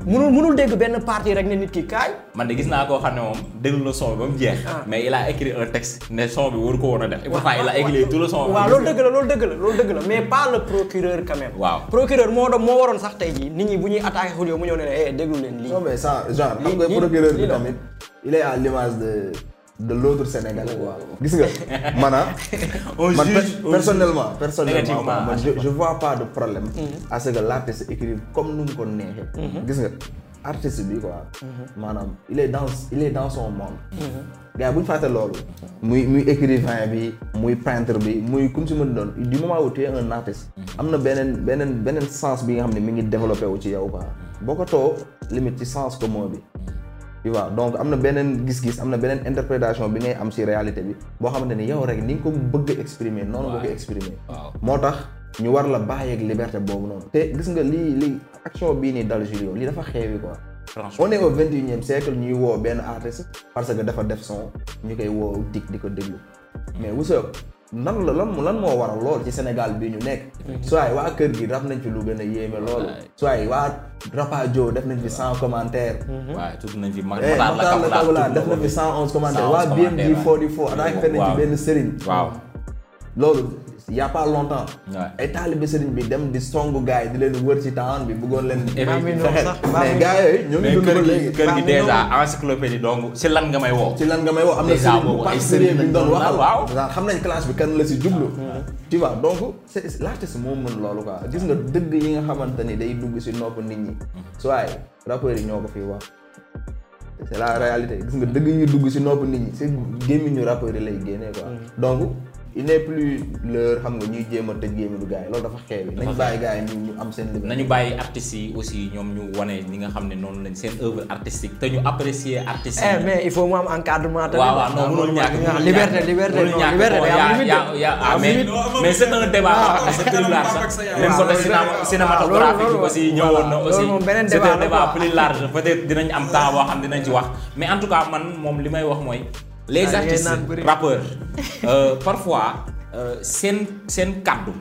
mënul mënul dégg benn partie rek ne nit ki kaay. man de gis naa koo xam ne moom déglu na son bi ba mu jeex. Ah. mais il a écrit un texte ne son bi waru ko woon a def. waaw waaw il a écrit tout waaw loolu dëgg la loolu dëgg la loolu dëgg la mais pas le procureur quand même. waaw procureur moo doon moo waroon sax tey jii nit ñi bu ñuy attaqué xul yow mu ñëw ne ne eh déglu leen lii. non mais ça genre xam nga procureur bi tamit il de. de l'autre Sénégal quoi gis nga maanaam man ah, personnellement personnellement man je, je vois pas de problème mm-hmm. à ce que l'artiste écrive comme nu ko neexee mm-hmm. gis nga artiste bi quoi mm-hmm. maanaam il est dans il est dans son monde gars yi bu ñu loolu muy muy écrivain bi muy peintre bi muy comme si mën doon du moment où tu es un artiste am na beneen beneen beneen sens bi nga xam ne mi ngi développé wu ci yow quoi bokkatoo limite ci sens commun bi tu vois donc am na beneen gis-gis am na beneen interprétation bi ngay am ci réalité bi boo xam xamante ni yow rek ni nga ko bëgg a exprimer noonu nga ko exprimer moo tax ñu war la bàyyeeg liberté boobu noonu te gis nga lii lii action bii nii dal Julio lii dafa xeewi ko on est au vingt et unième siècle ñuy woo benn artiste parce que dafa def son ñu koy woo dikk di ko déglu mais Wouso nan la lan lan moo waral lool ci Sénégal bi ñu nekk. Mhm. soit waa kër gi raf nañ fi lu gën a yéeme loolu. soit waa Rapajo def nañ fi cent commentaires. Mhm. waaw tudd nañ fi Makhtar la Kaolack def nañ fi cent onze commentaires. cent onze commentaires waa BMG 44 attaqué nañ benn sëriñ. waaw loolu. il y a pas longtemps. ay taalibe sëriñ bi dem di songu gars yi di leen wër ci taan bi bëggoon leen. Eh fexe mais gars yooyu ñoo ngi dund léegi. kër gi dèjà encyclopédie donc si lan nga may woo. si lan may woo am na sëriñ bu particulier bi ñu doon waxal waaw xam nañ classe bi kan la si jublu. Hmm. tu vois donc c'est l'artiste moo mën loolu quoi gis nga dëgg yi nga xamante ni day dugg si nopp nit ñi. Hmm. soit rappeurs yi ñoo ko fi wax. c'est la réalité gis nga dëgg yi dugg si nopp nit ñi c'est gémmiñu rappeurs yi lay génnee quoi hmm. donc. il n'est plus l'heure xam nga ñuy jéem a tëj gémmiñu gars yi loolu dafa xeew yi nañu bàyyi gars yi ñu am seen liberté nañu bàyyi artistes yi aussi ñoom ñu wane li nga xam ne noonu lañ seen œuvre artistique te ñu apprécier artistes yi eh, mais il faut mu encadrement tamit waaw waaw liberté liberté non liberté ah, mais mais c'est un débat parce que large sax même côté cinématographique aussi ñëwoon na aussi c'est plus large peut dinañ am temps boo xam dinañ ci wax mais en tout cas man moom li may wax mooy les artistes rappeurs euh, parfois euh, seen seen kàddu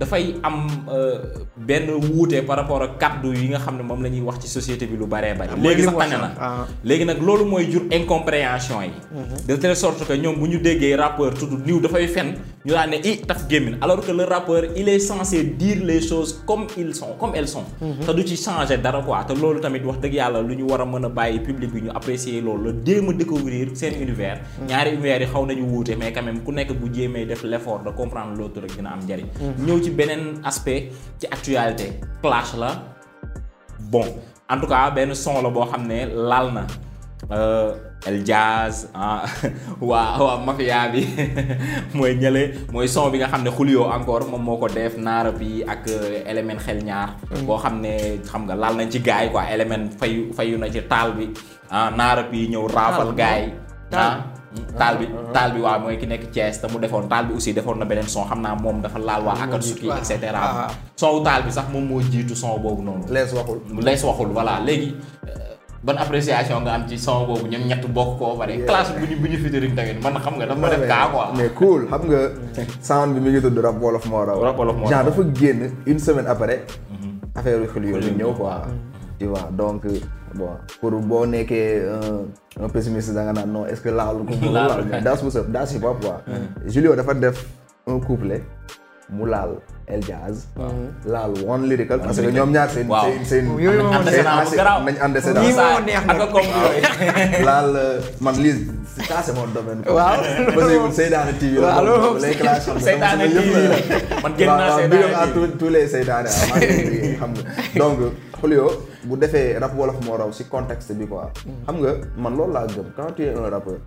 dafay am euh, benn wuute par rapport ak kàddu yi nga xam ne moom la ñuy wax ci société bi lu baree bari léegi sax tane na ah. léegi nag loolu mooy jur incompréhension yi mhm. de telle sorte que ñoom bu ñu déggee rappeur tudd niw dafay fen ñu daan ne i eh, taf gémmin alors que le rappeur il est censé dire les choses comme ils sont comme elles sont mhm. te du ci changer dara quoi te loolu tamit wax dëgg yàlla lu ñu war a mën a bàyyi public bi ñu apprécier loolu la déem a découvrir seen univers mhm. ñaari univers xaw nañu wuute mais quand même ku nekk bu jéemee def l'effort de comprendre l'autre rek dina beneen aspect ci actualité clash la bon en tout cas benn son la boo xam ne laal na euh, El Jazz ah mafia bi mooy ñële mooy son bi nga xam ne Julio encore moom moo ko def naara bi ak élément euh, xel ñaar. Mm. boo xam ne xam nga laal nañ ci gars yi quoi élément fayu fayu na ci taal bi ah naara bi ñëw raafal gars yi. Mm-hmm. taal bi mm-hmm. taal bi waaw mooy ki nekk Thiès te mu defoon taal bi aussi defoon na beneen son xam naa moom dafa laal waa mm-hmm. Akatsuki et cetera ah. son taal bi sax moom moo jiitu son boobu noonu lees waxul lees waxul voilà léegi euh, ban appréciation nga am ci son boobu ñoom ñett bokk koo pare classe bu ñu bu ñu featuring tamit man xam nga dafa ma def kaa quoi mais cool xam nga sound bi mi ngi tudd rap wolof moo raw wolof moo raw genre dafa génn une semaine après affaire yu xel ñëw quoi tu vois bon pour boo nekkee euh, un pessimiste nga naan non est-ce que ko mu laal mais dans ce dans ce pas quoi Julio dafa def un mu laal El Jazz laal One Lyrical parce que ñoom ñaar seen seen nañ andeséda ma man lii ça c'est mon domaine waaw parce que Seytaane TV la les clash Seytaane TV la man génn naa Seytaane TV tous les Seytaane ah, xam nga donc Julio bu defee rap wolof moo raw si contexte bi quoi. Mm. xam nga man loolu laa gëm quand tu es un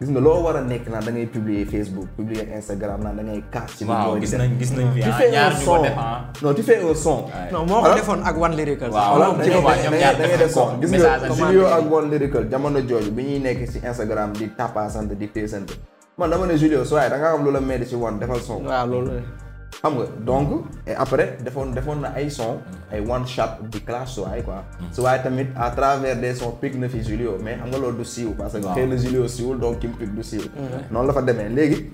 gis nga loo war a nekk naa da ngay publier Facebook publier Instagram naan da ngay kaas. ci lu nañ gis nañ fi ah, ñaar ñu ko def ah. son. non moo ko ak One Lyrical. waaw da gis nga Julio ak One Lyrical jamono jooju bi ñuy nekk si Instagram di tapasante di téesante man dama ne Julio soo da nga xam lu la mel ci One defal son. waaw loolu xam nga donc et après defoon defoon na ay son ay one shot di clash su waay quoi hmm. su waay tamit à travers des sons pic na fi Julio mais xam nga loolu du siiw parce que xëy na Julio siiwul donc Kim pic du siiw hmm. noonu la fa demee léegi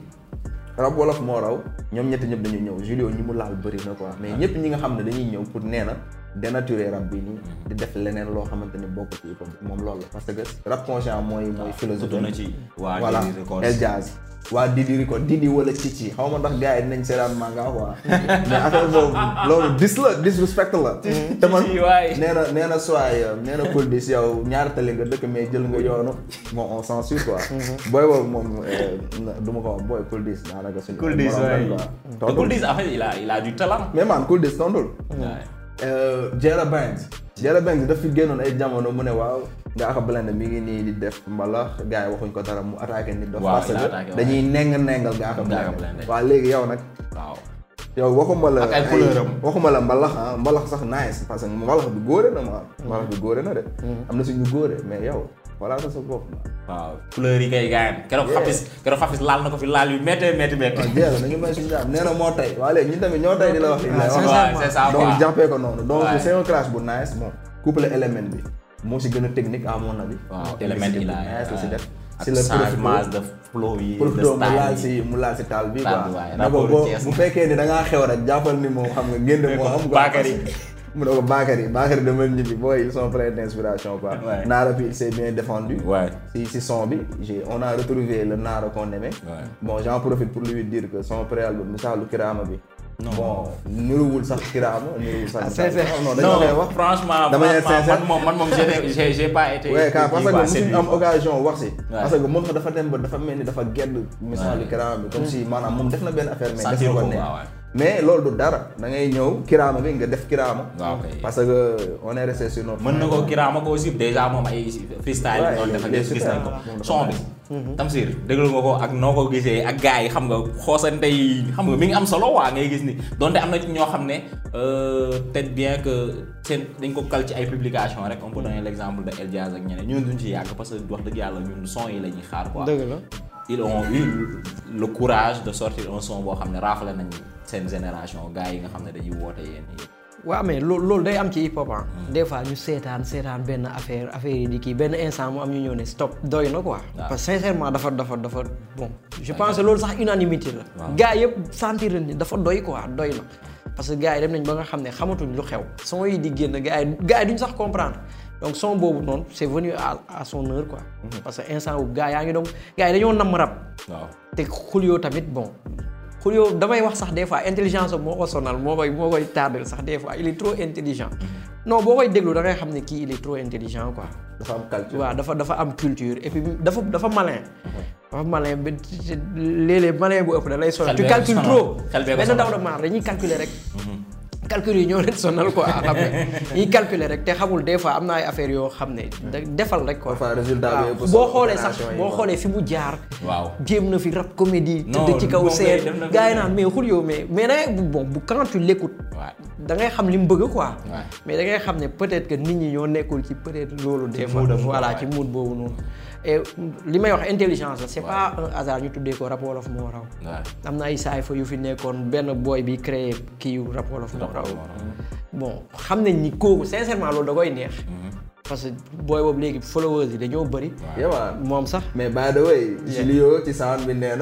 rab wolof moo raw ñoom ñetti ñëpp dañuy ñëw Julio ñu mu laal bëri na quoi mais ñëpp ñi nga xam ne dañuy ñëw pour nee na dénaturer rab bi nii hmm. di def leneen loo xamante ni bokk ci moom loolu la parce que rab conscient mooy mooy philosophie voilà el jazz waa Didi Record Didi wala Chichi xaw ma ndax gars yi dinañ seetaan manga quoi mais affaire boobu loolu dis la disrespect la. te man nee na nee na suwaay nee na Paul Diouf yow nga dëkk mais jël nga yoonu bon on censure quoi. Mhm. booy boobu moom eh, du ma ko wax booy Paul Diouf daanaka suñu. Paul Diouf waay tontul Paul Diouf en fait il a il a du talent. mais man Paul Diouf euh, Banks. Jera Banks daf fi ay jamono mu ne waaw. nga axa blindé mi ngi nii di def mbalax gars yi waxuñ ko dara mu attaqué nit dof parce que dañuy neng nengal nga axa blindé léegi yow nag waaw yow waxuma la ay waxuma la mbalax ah mbalax sax nice parce mbalax bi góore na ma mm-hmm. mbalax bi góore na de mm-hmm. am na suñu góore mais yow voilà sa bopp waaw couleur yi kay gaayam keroog xafis keroog xafis laal na ko fi laal yu méttee métti métti ah, jël na ngi may suñu jaam nee na moo tey waaw léegi ñun tamit ñoo tey di la wax ah, donc jàppee ko noonu donc bu nice bon couple bi moo si gën technique à mon avis. waaw i yi la si def. si la changement de flow yi de style mu laal si mu laal si taal bi quoi. na ko boo bu fekkee ni da ngaa xew rek jàppal ni moom xam nga génn moo am. Bakary mu ne ko Bakary Bakary demal ñibbi booy ils sont pleins d'inspiration quoi. waay Naara bi il s'est bien défendu. si son bi. j'ai on a retrouvé le Naara qu'on aimait. bon j'en profite pour lui dire que son préalbum Misaalu Kiraama bi. bon niruwul sax kiraama niruwul sax. Ah, non dañu koy wax franchement man moom man moom j'ai j'ai pas été. ouais parce que mosuñu am wax si. parce que moom dafa dem ba dafa mel ni dafa gedd. waaw message kiraama bi comme si maanaam moom def na benn affaire mais. def na ko ne mais loolu dara da ngay ñëw kiraama bi nga def kiraama. parce que on est resté sur mën na ko kiraama ko aussi déjà moom ay freestyle noonu dafa gis gis nañ ko son bi. Mhm. Tamsir ko ak noo ko yi xam nga xoosante yi xam nga mi ngi am solo waa ngay gis ni donte am na ñoo xam ne euh, peut-être bien que seen dañ ko kal ci ay publication rek on peut donner l'exemple de El Diaz ak ñeneen ñun duñ ci yàgg parce que wax dëgg yàlla ñun son yi la ñuy xaar quoi. dëgg la. ils ont le courage de sortir un son boo xam ne raafale nañ seen génération gars yi nga xam ne dañuy woote yéen yi waaw mais loolu loolu day am ci hip hop ah. Hmm. des fois ñu seetaan seetaan benn affaire affaire yi di kii benn instant mu am ñu ñëw ne stop doy na quoi. parce que sincèrement dafa dafa dafa bon. je pense loolu sax unanimité la. waaw gars yëpp sentir nañ ni doy quoi doy na. parce que gars yi dem nañ ba nga xam ne xamatuñ lu xew. soo yi di génn gars yi gars sax comprendre. donc son boobu noonu c' est venu à son heure quoi. Mhm. parce que instant wu gars yaa ngi doon gars yi dañoo nam rab. waaw te Julio tamit bon. Julio damay wax sax des fois intelligence am moo ko sonal moo koy moo koy sax des fois il est trop intelligent. Mhm. non boo koy déglu da ngay xam ne kii il est trop intelligent quoi. dafa am culture dafa am culture et puis dafa dafa malin. Mhm. dafa malin ba léeg-léeg malin bu ëpp da lay sonal. tu calcules trop benn daw de dañuy calculer rek. calcul yi ñoo leen sonal quoi xam nga ñuy calculer rek te xamul des fois am na ay affaire yoo xam ne defal rek quoi boo xoolee sax boo xoolee fi mu jaar waaw na fi rap comédie tëdd ci kaw seen gars yi naan mais xul yow mais mais bu bon bu quand tu l'écoutes da ngay xam li mu bëgg quoi. mais da ngay xam ne peut-être que nit ñi ñoo nekkul ci peut-être loolu. des fois voilà ci mood boobu noonu. li may wax intelligence la. c'est pas un hasard ñu tuddee ko rap wolof moo raw. am na ay saay fa yu fi nekkoon benn booy bi créé kii yu rap wolof moo raw. bon xam nañ ni kooku sincèrement loolu da koy neex. Mm-hmm. parce que booy boobu léegi followers yi dañoo bëri. moom sax. mais by the way. Julio ci sound bi nee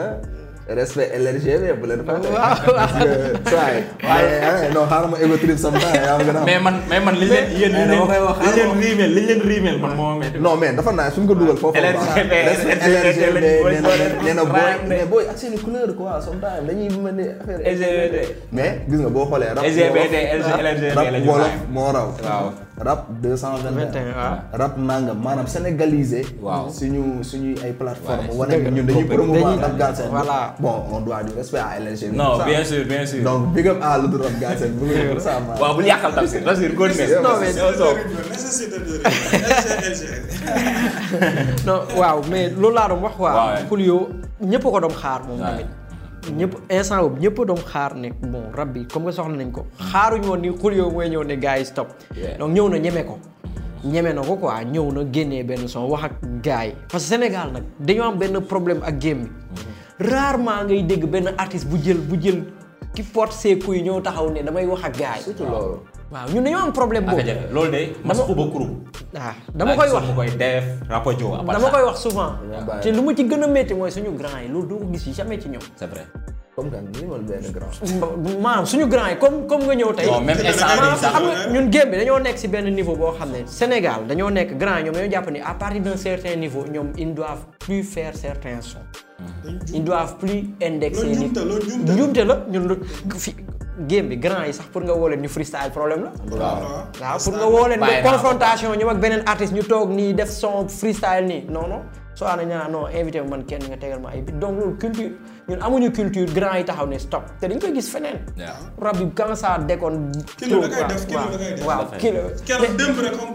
respect LRG mais bu leen fàtte. waaw waaw parce que saa yi. waaye non xaaral ma ego trip sama temps yaa gën a. mais man mais man li leen yéen li leen li leen riimel li leen riimel man moo metti. non mais dafa naa suñ ko dugal foofu. LRG LRG nee na booy mais booy ak seen couleur quoi sometimes dañuy mën di affaire. LGBT mais gis nga boo xoolee. rap LGBT LRG moo raw. waaw. rap 221 rap nangam maanaam sénégalisé waaw suñu suñu ay plateforme wane ñun dañuy promouvoir rap Galsen voilà bon on du respect à LNG non bien sûr bien sûr donc waaw bu yàqal tam si rasur góor non waaw mais loolu laa doon wax quoi pour yow ñëpp ko doon xaar moom tamit ñëpp instant boobu ñëpp doon xaar ne bon rab bi comme que soxla nañ ko xaaruñu woon ni xul yow mooy ñëw ne gars yi stop donc ñëw na ñeme ko ñeme na ko ko quoi ñëw na génnee benn son wax ak gars parce que Sénégal nag dañoo am benn problème ak game bi mm-hmm. rarement ngay dégg benn artiste bu jël bu jël ki porte ses couilles ñëw taxaw ne damay wax ak gars yi waaw ñun dañoo am problème boobu loolu de waaw ah, dama koy wax koy def rapajo dama koy wax souvent te lu ma ci gën a métti mooy suñu grand yi loolu doo ko gis jamais ci ñoom c'est vrai comme gan ni wala benn grand maanaam suñu grand yi comme comme nga ñëw tey maanaam xam nga ñun gémbe dañoo nekk si benn niveau boo xam ne Sénégal dañoo nekk grand yi ñoom dañoo jàpp ni à partir d'un certain niveau ñoom ils ne doivent plus faire certains sons hmm. ils doivent plus indexer njuumte la ñun lu game bi grand yi sax pour nga woo leen ñu freestyle problème la. waaw pour nga woo leen ñu confrontation ñoom ak beneen artiste ñu toog nii def son freestyle nii non non. soo ànd ñaa non invité man kenn nga tegal ma ay bit donc loolu culture ñun amuñu culture grand yi taxaw ne stop te dañ koy gis feneen. rab bi quand ça déconne. kilo da koy def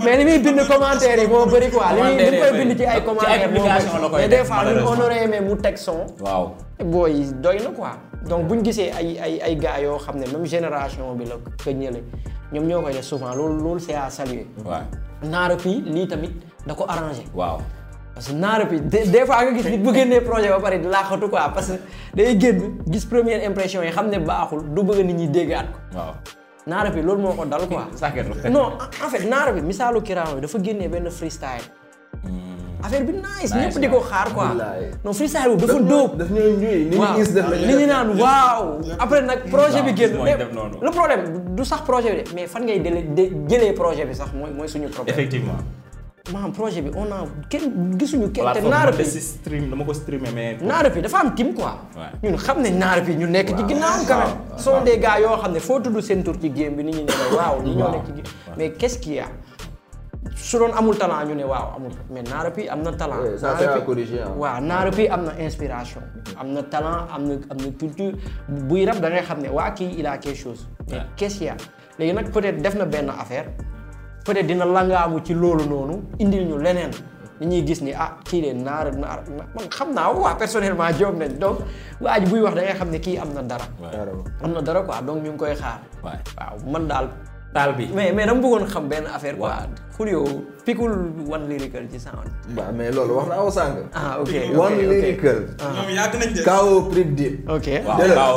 mais ni muy bind commentaire yi moo ko quoi. li muy koy bind ci ay commentaire moo bëri mais des fois ñun on aurait aimé mu teg son. waaw booy doy na quoi. donc bu ñu gisee ay ay ay gars yoo xam ne même génération bi la ko ñële ñoom ñoo koy def souvent loolu loolu c'est à saluer. waaw naara fii lii tamit da ko arrangé. waaw parce que naara fii des fois bu génnee projet ba pare di laaxatu quoi parce que day génn gis première impression yi xam ne baaxul du bëgg nit ñi déggaat ko. waaw naara fii loolu moo ko dal quoi. non en fait naara bi misaalu Kiraama bi dafa génnee benn freestyle. Hmm. affaire bi nice ñëpp di ko xaar quoi non freestyle boobu dafa dóob daf ñoo ñuy gis def la ñu naan waaw après nag projet bi génn le problème du sax projet bi de mais fan ngay dele jëlee projet bi sax mooy mooy suñu problème effectivement maanaam projet bi on a kenn gisuñu kenn te naarab yi stream ko streamer mais naarab yi dafa am team quoi ñun xam ne naarab yi ñu nekk ci ginnaaw quand même sont des yoo xam ne foo tudd seen tur ci game bi nit ñi ne waaw ñi ñoo nekk ci mais qu'est-ce qu'il su doon amul talent ñu ne waaw amul mais Naar P am na talent. waaw Naar P am na inspiration. am na talent am na am na culture buy rab da ngay xam ne waa kii il a quelque chose. mais quest léegi nag peut-être def na benn affaire peut-être dina langaamu ci loolu noonu indi ñu leneen. ni ñuy gis ni ah kii de naara naar man xam naa waa personnellement job nañ donc waa ji buy wax da xam ne kii am na dara. am na dara quoi donc ñu ngi koy xaar. waaw man daal. daal bi mais mais dama bëggoon xam benn affaire quoi. pour yow pikul one lyrical ci sound. waaw mais loolu wax naa ko sànq. ah ok ok one lyrical. ñoom ah. yàgg nañ de. K.O. Prip Diip. ok waaw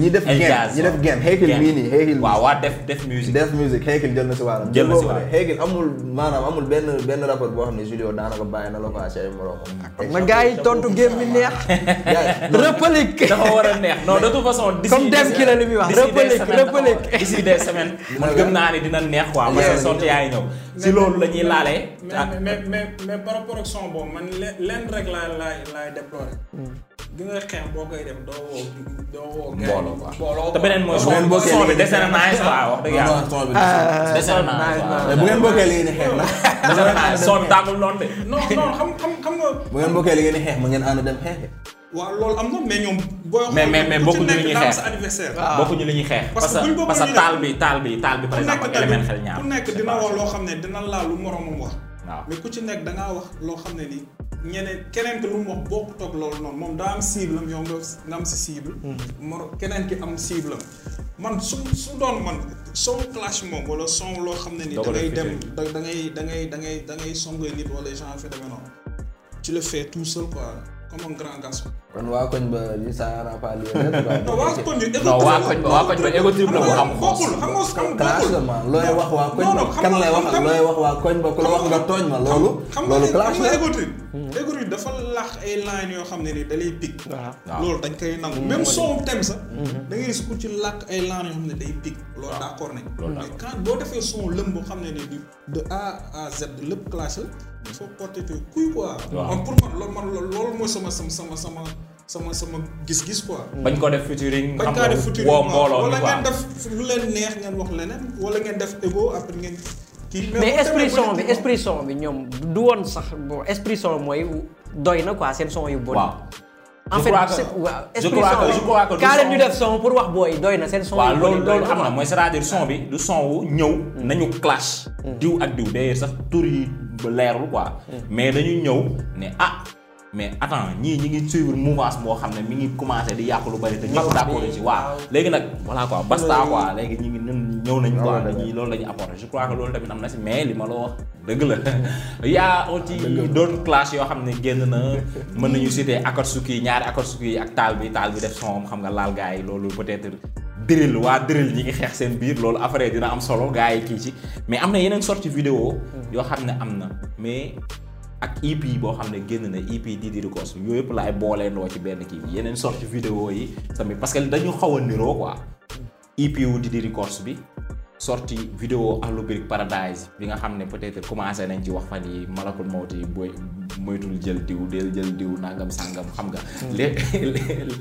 ñi def. ay jazz ñi def game Haykil mii nii Haykil. waaw waa def def music. def music Haykil jël na si waaram. jël na si waaram Haykil amul maanaam amul benn benn rapport boo xam ne Julio daanaka bàyyi na la ko ay moroomam. na gars yi tontu game bi neex. réplique. dafa war a neex non de toute façon. comme dem ki la li muy wax réplique réplique. d'ici des semaines man gëm naa ne dina neex quoi. ma sorti yaay ñëw si loolu la ñuy laalee. Ah. mais mais mais mais par rapport ak son boobu man lenn rek laay laay laay déploré. Hmm. gi nga xeex boo koy def doo woo doo woo. mbooloo quoi mbooloo te beneen mooy. son bi son bi desee na naaj quoi ah. wax dëgg yàlla. son bi desee na naaj bu ngeen noonu xam xam xam. bu ngeen bokkee li ngeen di xeex ma ngeen ànd dem mais ñoom. boo mais mais bokkuñu li ñuy xeex bokkuñu li taal bi taal bi taal loo xam ne dina laal lu moromam wax. waaw mais ku nekk da ngaa wax loo xam ne nii. ñeneen keneen ki lu mu wax bokk toog loolu moom daa am cible am yow nga am si cible. Mm-hmm. moro keneen ki am cible am. man su su doon man son clash moom wala son loo xam ne nii. da ngay dem da ngay da ngay da ngay da ngay songee nit wala genre phénomène noonu. ci le fais tout seul quoi comme un grand garçon. kon waa koñ ba li ça n'a pas lieu waa koñ ba waa la bu am. bokkul xam nga xam nga looy wax waa koñ ba kan tooñ ma loolu. loolu clash la ay line yoo xam ne ni da lay pig. loolu dañ koy nangu même son thème sax. Mhm. da ngay ku ci ay line yoo xam ne day pig. loolu d'accord nañ. loolu boo defee son lëmb xam ne ni du de A à Z lépp clash la. soo porté te kuy quoi. waaw pour man loolu man loolu mooy sama sama sama sama sama sama gis-gis quoi. bañ ko def featuring. bañ kaa def featuring wala ngeen def lu leen neex ngeen wax leneen wala ngeen def ego après ngeen. mais esprit son bi esprit son du woon sax bon esprit son mooy doy na quoi seen son yu bon. en fait je crois que kaa def son pour wax booy doy na seen son waaw loolu loolu am na mooy c'est-à-dire son bi du son wu ñëw mm. nañu clash mm. diw ak diw d'ailleurs sax tur yi ba leerul quoi. Hmm. mais dañu ñëw ne ah. mais attends ñii ñi ngi suivre mouvance moo xam ne mu ngi commencé di yàq lu bari te ñëpp d'accord ci waaw léegi nag voilà quoi basta quoi léegi ñi ngi ñun ñëw nañ quoi dañuy loolu la ñu apporté je crois que loolu tamit am na si mais li ma la wax dëgg la hmm. yaa aussi doon clash yoo xam ne génn na mën nañu citer Akatsuki ñaari Akatsuki ak taal bi taal bi def son xam nga laal gars yi loolu peut-être dëril waa dëril ñi ngi xeex seen biir loolu après dina am solo gars yi kii ci mais am na yeneen sorti vidéo yoo xam ne am na mais ak EP boo xam ne génn na EP Didi Records yooyu yëpp laay booleendoo ci benn kii yeneen sorti vidéo yi tamit parce que dañu xaw a niroo ko EP wu Didi Records bi sorti vidéo Akhlou Brick Paradise bi nga xam ne peut-être commencé nañ ci wax fan yi malakul moo yi booy moytul jël diw del jël diw nangam sangam xam nga hmm. léeg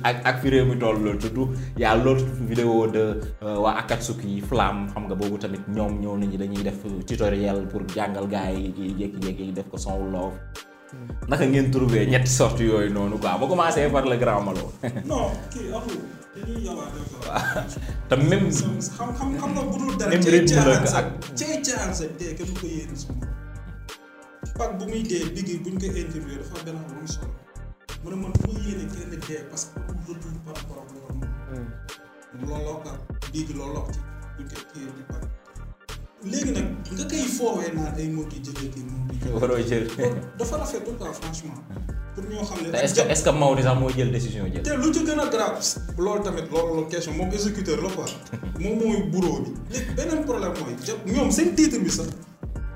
ak ak fi réew mi toll loolu surtout y'a l'autre vidéo de euh, waa Akatsuki Flamme xam nga boobu tamit ñoom ñëw nañu dañuy def tutoriel pour jàngal gars yi jékki-jékki def ko son love hmm. naka ngeen trouver ñetti sorti yooyu noonu quoi ma commencé par le grand Malo waaw te même. xam xam xam nga bu dul dara. cay caaxaan sa cay caaxaan sa dee kenn ko yéene suñu. Pape bu muy dee bigi buñ ko interviewé dafa benn xam muy solo mu ne man bu muy yéene kenn dee parce que du dul par rapport ak hmm. léegi nag nga koy foowee naan ay mots yu jëlee kii moom. waroo jël dafa rafetul quoi franchement. pour ñoo xam ne. est-ce que est-ce sax moo jël décision jël. a grave loolu tamit loolu la question moom exécuteur la quoi moom mooy bureau bi. léegi beneen problème mooy jàpp ñoom seen titre bi sax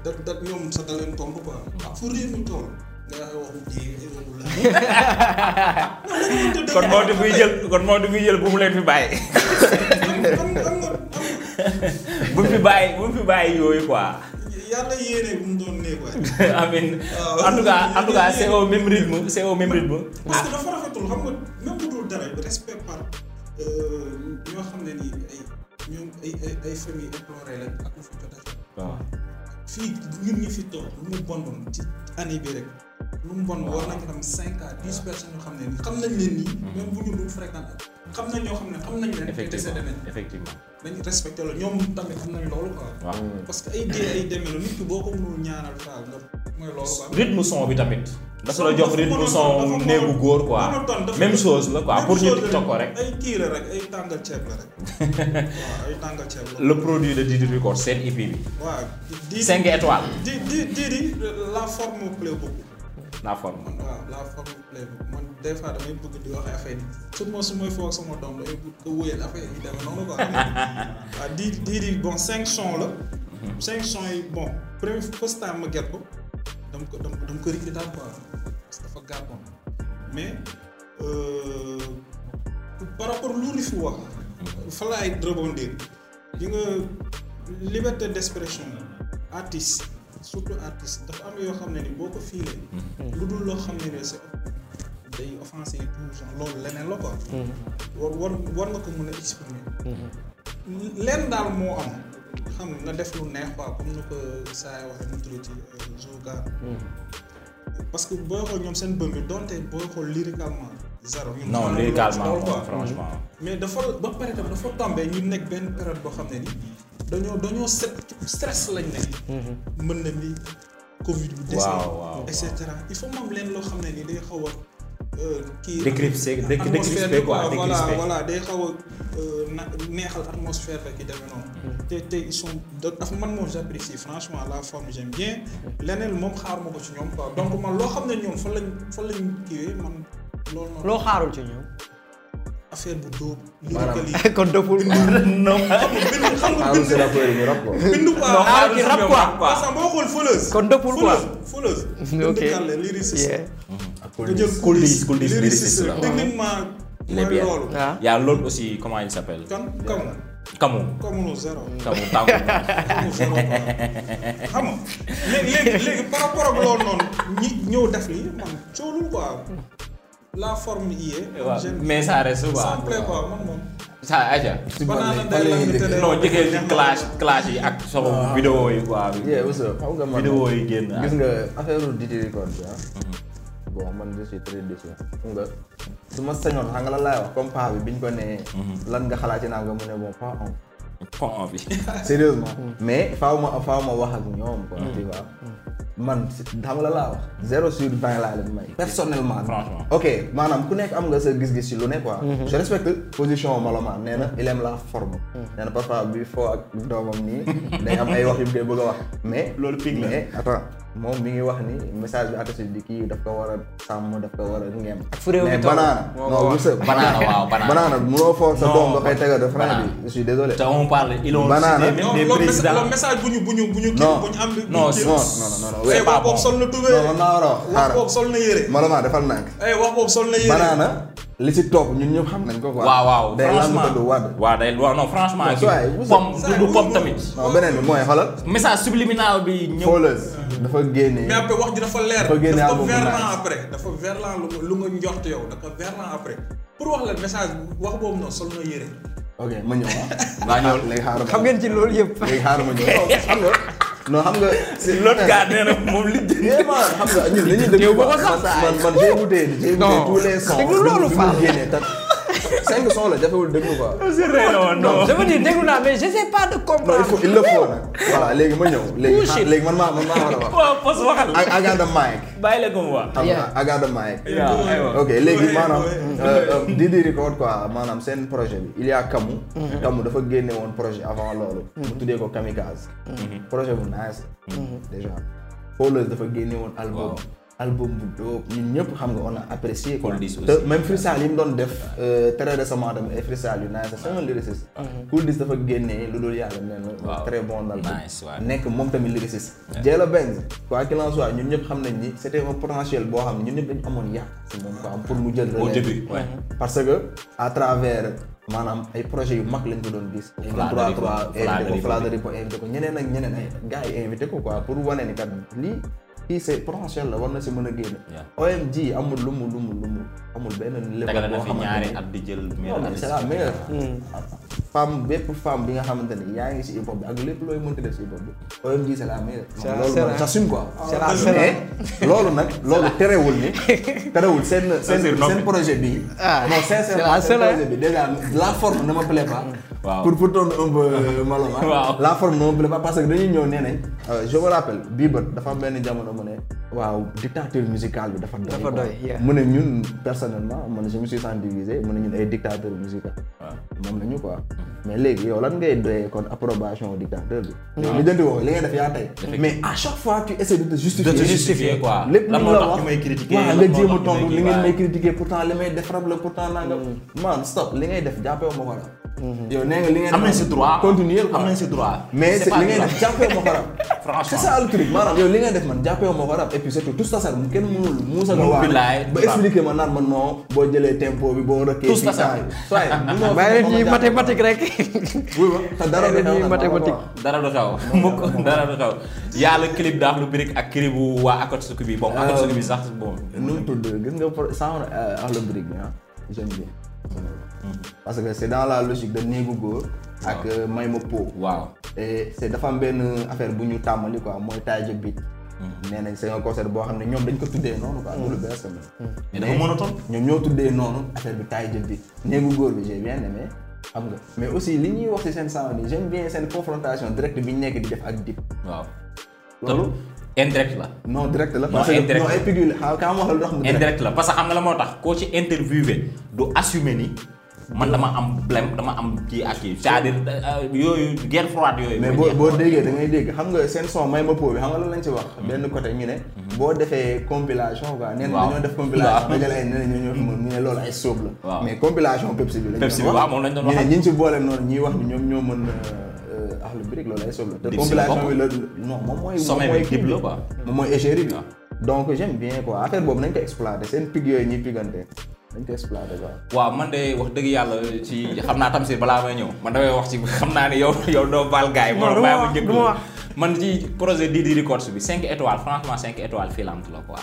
da da ñoom sax da leen tontu quoi. waaw ah, fu réew mi toll. kon Maodo jël kon mu leen fi bàyyi. bu mu fi bàyyi bu mu fi bàyyi yooyu quoi. yàlla yéene bu mu doon néeg waay. amiin en tout cas en tout cas c'est parce ah. que dafa rafetul xam nga même bu dul dara respect par euh, ñoo xam ne nii ay famille éploré ak lu fa jot a waaw. fii ñun ñu fi toog lu mu bon bon ci année bi rek lu mu bon war nañu xam cinq à dix personnes yoo xam ne xam nañ leen nii. Hmm. même bu ñu dul fréquenté xam nañ ñoo xam ne xam nañ leen. effectivement effectivement dañu respecté loolu ñoom tamit xam nañ loolu quoi. waaw parce que ay dee ay demee la nit boo ko mënul ñaanal quoi mooy loolu quoi. rythme son bi tamit. dafa la jox rythme son néegu góor quoi même chose la quoi pour ñu TikTok ko rek. ay kii la rek ay tàngal ceeb la rek. waaw ay tàngal ceeb la. le produit de Didi Record seen EP bi. waaw Didi la forme plaît beaucoup. la forme. des fois damay bëgg di wax affaire yi surtout su may foog bon cinq sons la. Mhm. cinq sons yi bon premier first time ma get ko. dama ko dama ko recruté daal quoi parce que dafa gàppoon mais euh, par rapport loolu fi wax fa laay rebondir di nga liberté d'expression artiste surtout artiste dafa am yoo xam ne ni boo ko fiiree mhm. lu dul loo xam ne ne c'est day offensé tout genre loolu leneen la quoi mhm. war war war ko mën a exprimer mhm. lenn daal moo am xam nga def lu neex quoi comme ni ko saa waxee nu tudd ci Zoukar. Euh, hmm. parce que booy xool ñoom seen bëm bi donte booy xool lyricalement zéro. ñun non lyricalement franchement. Hmm. mais dafa ba pare tam dafa tombé ñu nekk benn période boo xam ne ni dañoo dañoo set stress lañ ne nekk. Hmm. mën na ni Covid bi. waaw waaw et cetera il faut moom leen loo xam ne ni day xaw a. kii décrypté décrypté quoi décrypté voilà day xaw a euh, neexal atmosphère rek yi demee noonu. Mm. te te ils sont dafa man moom j'apprécie franchement la forme j'aime bien. leneen moom xaar ma ko ci ñoom quoi donc man loo xam ne ñoom fan lañ fan lañ kiiwee man. loolu noonu loo xaarul ci ñoom. affaire bu dóob. maanaam kon doful non bindu xam nga bindu bindu quoi ah ci rap quoi parce que boo xool fëleuse. kon doful quoi fëleuse fëleuse. ok mm-hmm. nga jël coulisse coulisse lyriciste la techniquement. mooy loolu ah. y a loolu aussi comment il s'appelle. kan Kamou. Kamou. Kamou zéro. Kamou tàngoor. Kamou zéro xam nga léegi léegi par rapport ak loolu noonu ñi ñëw def lii man coolul quoi. la forme y est. mais ça reste souvent ça me plaît quoi man moom. saa aja. si bon non jege ci clash yi ak sama ah. yi yee Ousseur xam nga man vidéo yi génn ah. gis nga affaire Diddy Records bi bon man je suis très su ma sañoon xam nga lan laay wax comme paa bi biñ ko nee. Mhm. lan nga xalaat ci naa nga mu ne bon pas on. pas envie. sérieusement mais faaw ma faaw ma wax ak ñoom quoi mhm. tu vois. Mhm. man xam nga la laa wax zéro sur vingt laa leen may personnellement franchement ok maanaam ku nekk am nga sa gis-gis ci lu ne quoi mhm. je respecte position Malomaan nee na il aime la forme mhm. nee na bi foo ak doomam nii day am ay wax yu mu koy bëgg wax mais loolu pig la moom mi ngi wax ni message bi attaché bi kii daf ko war a sàmm daf ko war a ngem. fu réew mi toll mais banaana. non monsieur banaana waaw banaana. banaana bi. je na tubé. non non non wax eh, li ci topp ñun ñëpp xam nañ ko quoi. waaw waaw franchement day wàdd. waaw day waaw tamit. non beneen bi mooy xoolal. message subliminal bi ñëw. dafa génne mais après wax ji dafa leer dafa génne dafa verlan après dafa verlan lu lu nga njort yow dafa verlan après pour wax la message wax boobu noonu sol na yére ok ma ñëw ma ñëw léegi xaaral ma xam ngeen ci loolu yëpp léegi xaaral ma ñëw xam nga non xam nga si l'autre gars nee na moom li eh, xam nga ñun dañuy déglu man man j'ai écouté j'ai écouté tous les sons cinq son la jafewul déglu quoi. non je veux dire déglu naa mais je sais pas de comprendre. il faut il le faut nag. voilà léegi ma ñëw. léegi léegi man maa man maa war a wax. waaw pos waxal. agada mic. bàyyi la ko mu wax. agada mic. ok léegi maanaam. Euh, euh, Didi Record quoi maanaam seen projet bi. il y a Kamu. Kamu mm-hmm. dafa génne woon projet avant loolu. Mm-hmm. mu tuddee ko Kamikaze. Mm-hmm. projet bu nice. déjà Paulus dafa génne woon album. album bu dope ñun ñëpp xam nga on a apprécié quoi te même freestyle yi mu doon def euh, très récemment tamit ay freestyle yu naan sax sama lyriciste mhm. Cool Diss dafa génnee lu dul yàlla nee très bon dal nekk moom tamit lyriciste Jella Benz quoi qu'il en soit ñun ñëpp xam nañ ni un potentiel boo xam ne ñun ñëpp amoon yàq si moom quoi pour mu jël au mhm. parce que à travers maanaam ay projet yu mag lañ ko doon gis. Fladerie ko Fladerie ko invité ay gars yi invité ko kii c'est potentiel la war na si mën a génn. OMG amul lu mu lu mu lu mu amul benn. level boo xamante ñaari at di jël. c'est la meilleure mm. femme bépp femme bi nga xamante ne yaa ngi si hip hop bi ak lépp looy mënti def si hip hop bi OMG c'est la meilleure. loolu nag j'assume quoi. mais loolu nag loolu terewul ni terewul seen seen projet bi. Ah. non sincèrement seen projet bi déjà la forme ne me plaît pas. waaw pour pour tourner un peu euh, Maloma. la forme non bu parce que dañuy ñëw nee nañ. Euh, je me rappelle Bieber am benn jamono mu ne. waaw dictateur musical bi dafa doy. dafa doy mu ne ñun personnellement man je me suis senti divisé mu ne ñun ay dictateur musical. waaw mm. mais léegi yow lan ngay kon approbation dictateur li woo li ngay def yaa tey. mais à chaque fois tu may critiquer waaw nga a li may def rab la pourtant naa nga. Mm. man stop li ngay def jàppee wu la. yow nee nga li ngeen am nañ si droit continuer am nañ si droit. mais li ngeen def jàppee wu ma ko rab. franchement c'est ça le truc maanaam yow li ngeen def man jàppee wu ma ko rab et puis surtout tout tasar mu kenn mënul muusa nga waa ba expliquer ma naan man non boo jëlee tempo bi boo rëkkee. tout tasar waaye munoo bàyyi ñuy mathématique rek. wuy ma te dara du xew mathématique dara du xew mukk dara du xew yàlla clip daax lu birik ak clip bu waa Akatsuki bi bon euh, Akatsuki bi sax bon. nu mu tudd gis nga sànq Akatsuki bi ah jeune bi parce que c' est dans la logique de néegu góor. ak euh, may ma po. waaw et c' est dafa am benn affaire bu ñu tàmmali quoi mooy taaj bit mhm. nee nañ c'est un concert boo xam ne ñoom dañ ko tuddee noonu quoi. Mhm. lu bees la. Mhm. mais ñoo tuddee noonu affaire bi taay jël bi néegu góor bi j'ai bien aimé xam nga mais aussi li ñuy wax seen sound yi seen confrontation directe bi ñu nekk di def ak Dip. waaw loolu. indirect la. no direct la. non parce que non ay la xam nga la parce que xam nga la moo tax koo ci interviewé du assumer ni. man dama am problème dama am kii ak kii cest euh, yooyu guerre froide yooyu. mais boo boo déggee da ngay dégg xam nga seen son may ma po bi xam nga loolu lañ ci wax. benn côté ñu ne. Mhm. boo defee compilation quoi. nee na def compilation. dajale ay nee na ñoo ñoo ñu ne loolu ay sóob la. mais compilation Pepsi bi. moom lañ doon wax ñu ne ñi ci wax ñoom ñoo mën. Euh, ah lu bëri loolu ay sóob la. te compilation bi mooy. sommet ah. bien quoi affaire boobu nañ ko exploiter seen pig yooyu ñuy pigante dañ koy exploité waaw man de wax dëgg yàlla ci xam naa tam Tamsir balaa may ñëw man damay wax ci xam naa ne yow yow doo baal gaay yi. non ma wax du ma wax man ci projet Didi Records bi 5 étoiles franchement 5 étoiles filante la quoi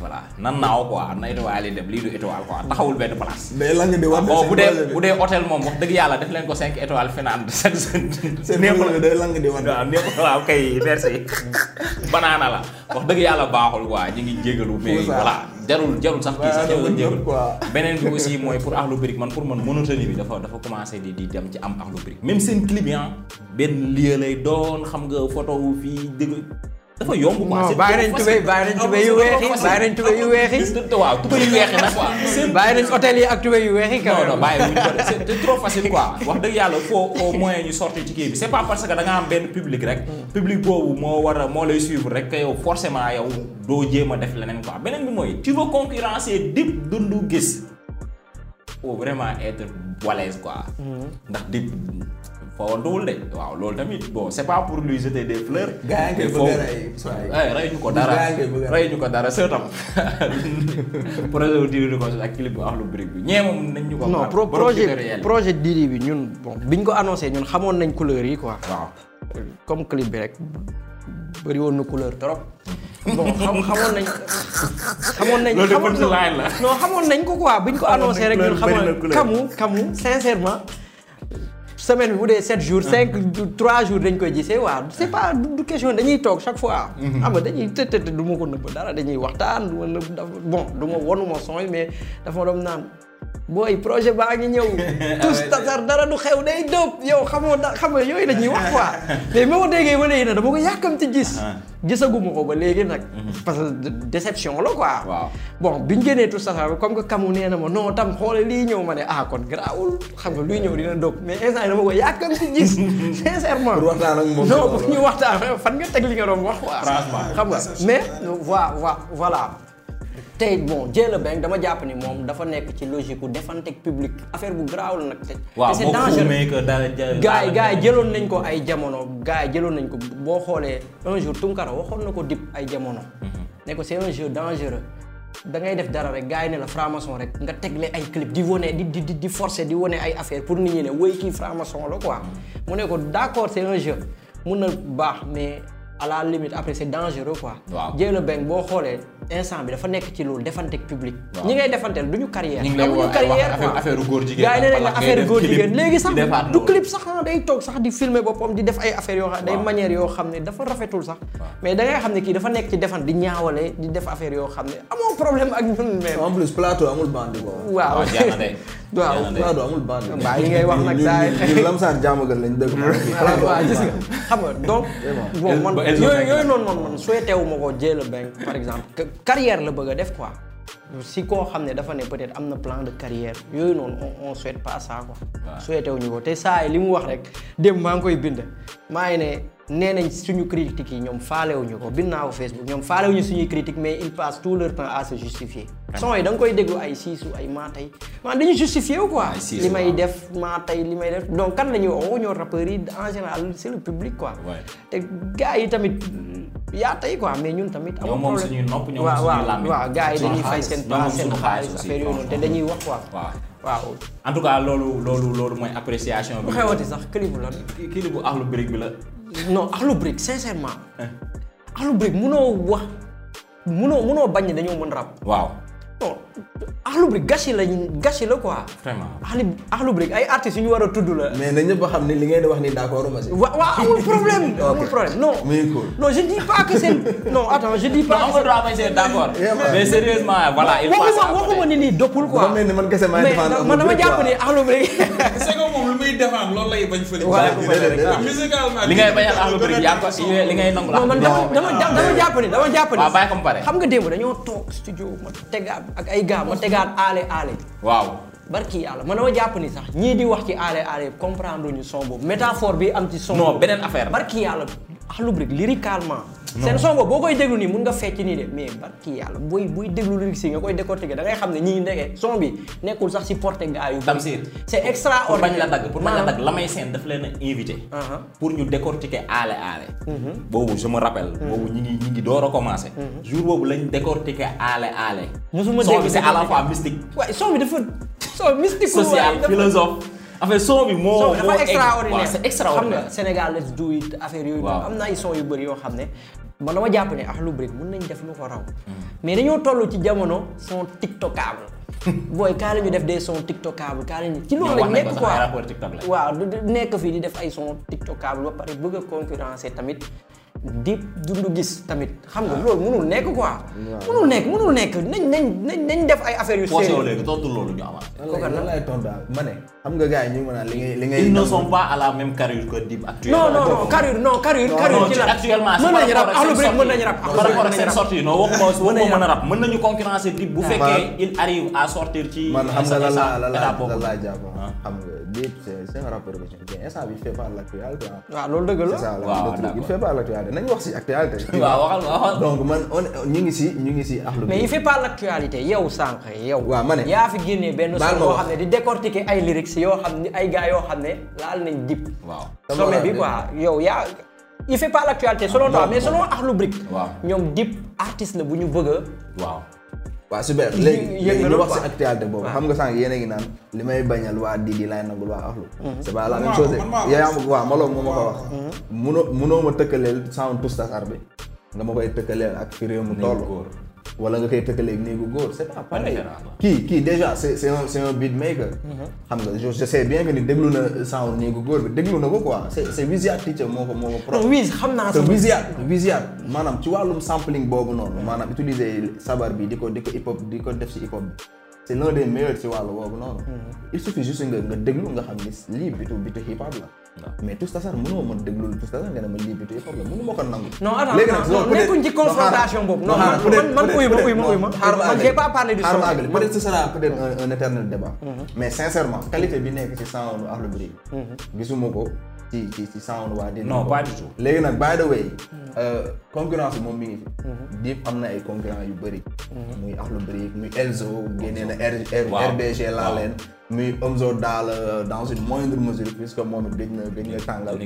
voilà nan naaw quoi am na étoile yi dem lii du étoile quoi taxawul benn place. di wax bu dee hôtel moom wax dëgg yàlla def leen ko 5 étoiles filante chaque seen projet day lan di wax waaw nekkul waaw kay merci banaana jarul jarul sax kii sax jarul jégalu beneen bi aussi mooy pour Akhlou Brick man pour man monotonie bi dafa dafa commencé di di dem ci am Akhlou Brick même seen client ah, benn lieu photo wu fii dégg dafa yomb quoi. non bàyyi nañ tubéy bàyyi nañ tubéy yu weex yi tubéy yu weex yi. waaw tubéy yu nag quoi. bàyyi nañ hôtel yi ak tubéy yu weex yi. bàyyi wuñ dëgg yàlla faut au moins ñu sorti ci kii bi c'est pas parce que da nga am benn public rek. Mm. public boobu moo war a moo lay suivre rek que yow forcément yow doo jéem a def leneen quoi beneen bi mooy tu veux concurrencer dip dundu gis faut vraiment être balèze quoi. Mm. ndax dip. fawantuwul de waaw loolu tamit bon c'est pas pour lui jeter des fleurs. gaa ngi ko dara rey ñu ko dara seetam. projet wu bi ñee moom projet bi ñun bon biñ ko annoncé ñun xamoon nañ couleur yi quoi. waaw comme clip bi rek bëri woon na couleur trop. bon xam xamoon nañ xamoon nañ loolu la. non xamoon nañ ko quoi biñ ko annoncé rek ñun xamoon kamu kamu sincèrement. semaine bu dee 7 jours 5 3 jours dañ koy gisee waaw c'est pas du question dañuy toog chaque fois. Ah. Mhm. xam nga dañuy të të du ma ko nëbb dara dañuy waxtaan du ma nëbb bon du ma wonu ma sooy mais dafa ma doon naan. booy projet baa ngi ñëw tous tasar dara du xew day dóob yow xamoo da xam nga yooyu la ñuy wax quoi mais ma ko déggee ba léegi nag dama ko yàkkam ci gis gisaguma ba léegi nag parce que déception la quoi waaw bon biñ génnee tous tasar bi comme que kamu nee na ma non tam xoole lii ñëw ma ne ah kon garaawul xam nga luy ñëw dina dóob mais instant yi dama ko yàkkam ci gis sincèrement waxtaan ak moom non pour ñu waxtaan fan nga teg li nga doon xam nga mais voi voi voilà tey bon Dieyla Bank dama jàpp ni moom dafa nekk ci logique gu defanteg public affaire bu garaaw la nag. te c'est dangereux gars yi gars yi jëloon nañ ko ay jamono gars yi jëloon nañ ko boo xoolee un jour Tunkara waxoon na ko dip ay jamono. Mhm. ne se c'est un jeu dangereux. da ngay def dara rek gars ne la franc-maçon rek nga tegle ay clip di wone di di di forcer di wone ay affaire pour nit ñi ne wéy kii franc-maçon la quoi mhm. mu ne ko d'accord c'est un jeu mun na baax mais. à la limite après c'est dangereux quoi. waaw Dieyna boo xoolee instant bi dafa nekk ci loolu defante public. ñi ngay defanteel du ñu carrière. ñu ngi lay wax affaire góor jigéen gars yi ne nga góor jigéen léegi sax du clip sax ah, day toog sax di filmer boppam di def ay affaires yoo xam day manière yoo xam ne dafa rafetul sax. mais da ngay xam ne kii dafa nekk ci defante di ñaawale di def affaire yoo xam ne amoo problème ak ñun même. en plus plateau amul bandi waaw ah, waaw Prado amul bànn. mbaa yi ngay wax nag saa yi ñun Lamsar jàmmagal lañ dëgg. waaw gis xam nga donc. bon man yooyu yooyu noonu man man souhaité ko jël bank par exemple. carrière la bëgg def quoi. si koo xam ne dafa ne peut-être am na plan de carrière yooyu noonu on on souhaite pas ça quoi. ko te saa yi li mu wax rek démb maa ngi koy bind maa ngi ne. nee nañ suñu critiques yi ñoom faalewuñu ko binnaaw naa ko Facebook ñoom faalewuñu suñuy critique mais ils passent tout leur temps à se justifier son yi da koy déglu ay siisu ay maa tey maanaam dañu justifié wu quoi li may def maa tey li may def donc kan la ñuy woo ñoo rappeurs yi en général tamit yaa tey quoi mais ñun tamit amul problème suñu nopp ñoom waaw waaw waaw gars yi dañuy fay seen pas seen xaalis affaire te dañuy wax quoi waaw en tout cas loolu loolu loolu mooy appréciation bi xewati sax clip bu lan clip bu Akhlou Brick bi la non Akhlou Brick sincèrement. Akhlou Brick munoo wax munoo munoo bañ ne dañoo mën rap. waaw. non Akhlou Brick gâchis la gâchis la quoi. vraiment Akhlou Brick ay artistes yu ñu war a tudd la. mais na ñëpp xam ne li ngeen di wax ni d'accord ma si. waaw waaw amul problème amul problème non. muy cool non je dis pas que c'est non attends je dis pas. non amul droit bañ see d'accord. mais sérieusement voilà il faut. waxuma waxuma ni nii doppul quoi. man man kese maa ngi défendre man dama jàpp ni Akhlou Brick. c'est que moom lu muy défendre loolu lay bañ fële. waaw musicalement li ngay bañ a Akhlou Brick yaa ko si li ngay nangu la. non man dama dama jàpp ni dama jàpp ni. waaw bàyyi ko mu pare xam nga démb dañoo toog studio ma tegaat ak ay gars ma tegaat aale aale. waaw barki yàlla man dama jàpp ni sax ñii di wax ci aale aale comprendre ñu son boobu métaphore bi am ci son. non beneen affaire barki yàlla Akhlou Brick lyricalement. seen songo boo koy déglu nii mun nga fecc nii de mais barki yàlla booy buy déglu lyrics yi nga koy décortiquer da ngay xam ne ñii ndeke son bi nekkul sax si porté gars yu Tamsir c'est extraordinaire pour ah. daf leen a uh-huh. pour ñu décortiquer aale aale mm-hmm. boobu mm-hmm. boobu ñi ngi ñi ngi door commencé mm-hmm. jour boobu lañ décortiquer aale aale musuma dégg son bi c'est à la fois mystique waaw son bi dafa bi moo moo dafa extraordinaire c'est extraordinaire xam nga Sénégal do it affaire yooyu. waaw am na ay son yu bëri yoo xam ne. man dama jàpp ne ah lu Brick mun nañ def lu ko raw mais dañoo toll ci jamono son tiktokable booy kaa la ñu def des son tiktokable kaa la ci loolu lañ nekk quoi waaw nekk fii di def ay son tiktokable ba pare bëgg a tamit di dundu gis tamit xam nga ah. loolu mënul nekk ko quoi mënul nekk mënul nekk nañ nañ nañ nañ def ay affaires yu sérieux léegi tontu loolu ñu amaat lan lay tontu ma ne xam nga gars yi ñu mën a li ngay li ngay. ils ne sont pas à la même carrure ci la actuellement mën nañu rap a rap mën nañu concurrencer Dip bu ah, fekkee il arrive à sortir ci. man la la la la la mais instant fait pas ah, la c'est ça il fait pas l'actualité nañu ngi si ñu ngi si Akhlou Brick. mais il fait pas l'actualité yow sànq yow. waaw ma ne yaa fi génnee benn son boo xam ne di décortiquer ay lyrics artistes yoo xam ni ay gaa yoo xam ne laal nañ dip. waaw sommet bi quoi yow yaa. il fait pas l'actualité selon toi mais selon Akhlou Brick. waaw ñoom dip artiste la bu ñu bëgg a. waaw. waaw super léegi léegi ñu wax boobu xam nga sànq yéen ngi naan li may bañal waa Didi laay nangul waa Akhlou mhm. c'est pas la même chose yaa ma waaw ma loog moo ma ko wax mhm. munoo munoo ma tëkkaleel sound tous tasar bi nga ma koy tëkkaleel ak fi réew mu toll wala nga koy tëkkaleeg néegu góor c' est pas pareil kii kii déjà c' est c' est un c' maker xam nga je sais bien que ni déglu mm-hmm. na sànq néegu góor bi déglu na ko quoi c' est c' Teacher moo ko moo ko pro Wiz xam naa te Wizkid Wizkid maanaam si wàllum sampling boobu noonu maanaam utiliser sabar bi di ko di ko di ko def si hip hop bi c' est l' un des meilleurs ci wàllu woowu noonu. il suffit juste nga nga déglu nga xam lii bitu bitu hip hop la. mais Touz Tassar ma déglu Touz Tassar nga ne ma lii bitu hip hop la mënu ma ko nangu. non attends léegi nag non nekkuñ ci confrontation boobu. non man man uyu ma uyu ma uyu ma. xaaral j'ai pas parlé du son. peut être ce sera peut être mhm. un éternel débat. Mhm. mais sincèrement qualité bi nekk ci sound Akhlou Brick. Mhm. gisuma ko. ci ci ci sound waa dina. nag by the way. Hmm. Euh, concurrence bi hmm. Dip am na ay yu bëri. Hmm. muy Akhlou Brick muy Elzo génnee na R RBG muy Omzo daal euh, dans une moindre mesure puisque moom it gëj na gëj tàngal.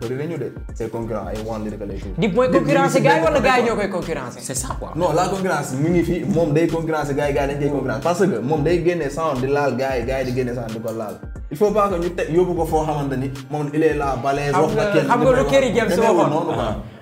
bëri nañu de. c'est concurrent ay wan lañu ko lay di mooy concurrence gars yi wala ñoo koy concurrence. c'est ça concurrence mu ngi fi moom day concurrence gars yi gars yi dañ koy concurrence parce que moom day génne sound di laal gars yi di génne sound di ko laal. il faut pas que ñu teg yóbbu ko foo xamante moom il est là balèze. wax nga kenn xam nga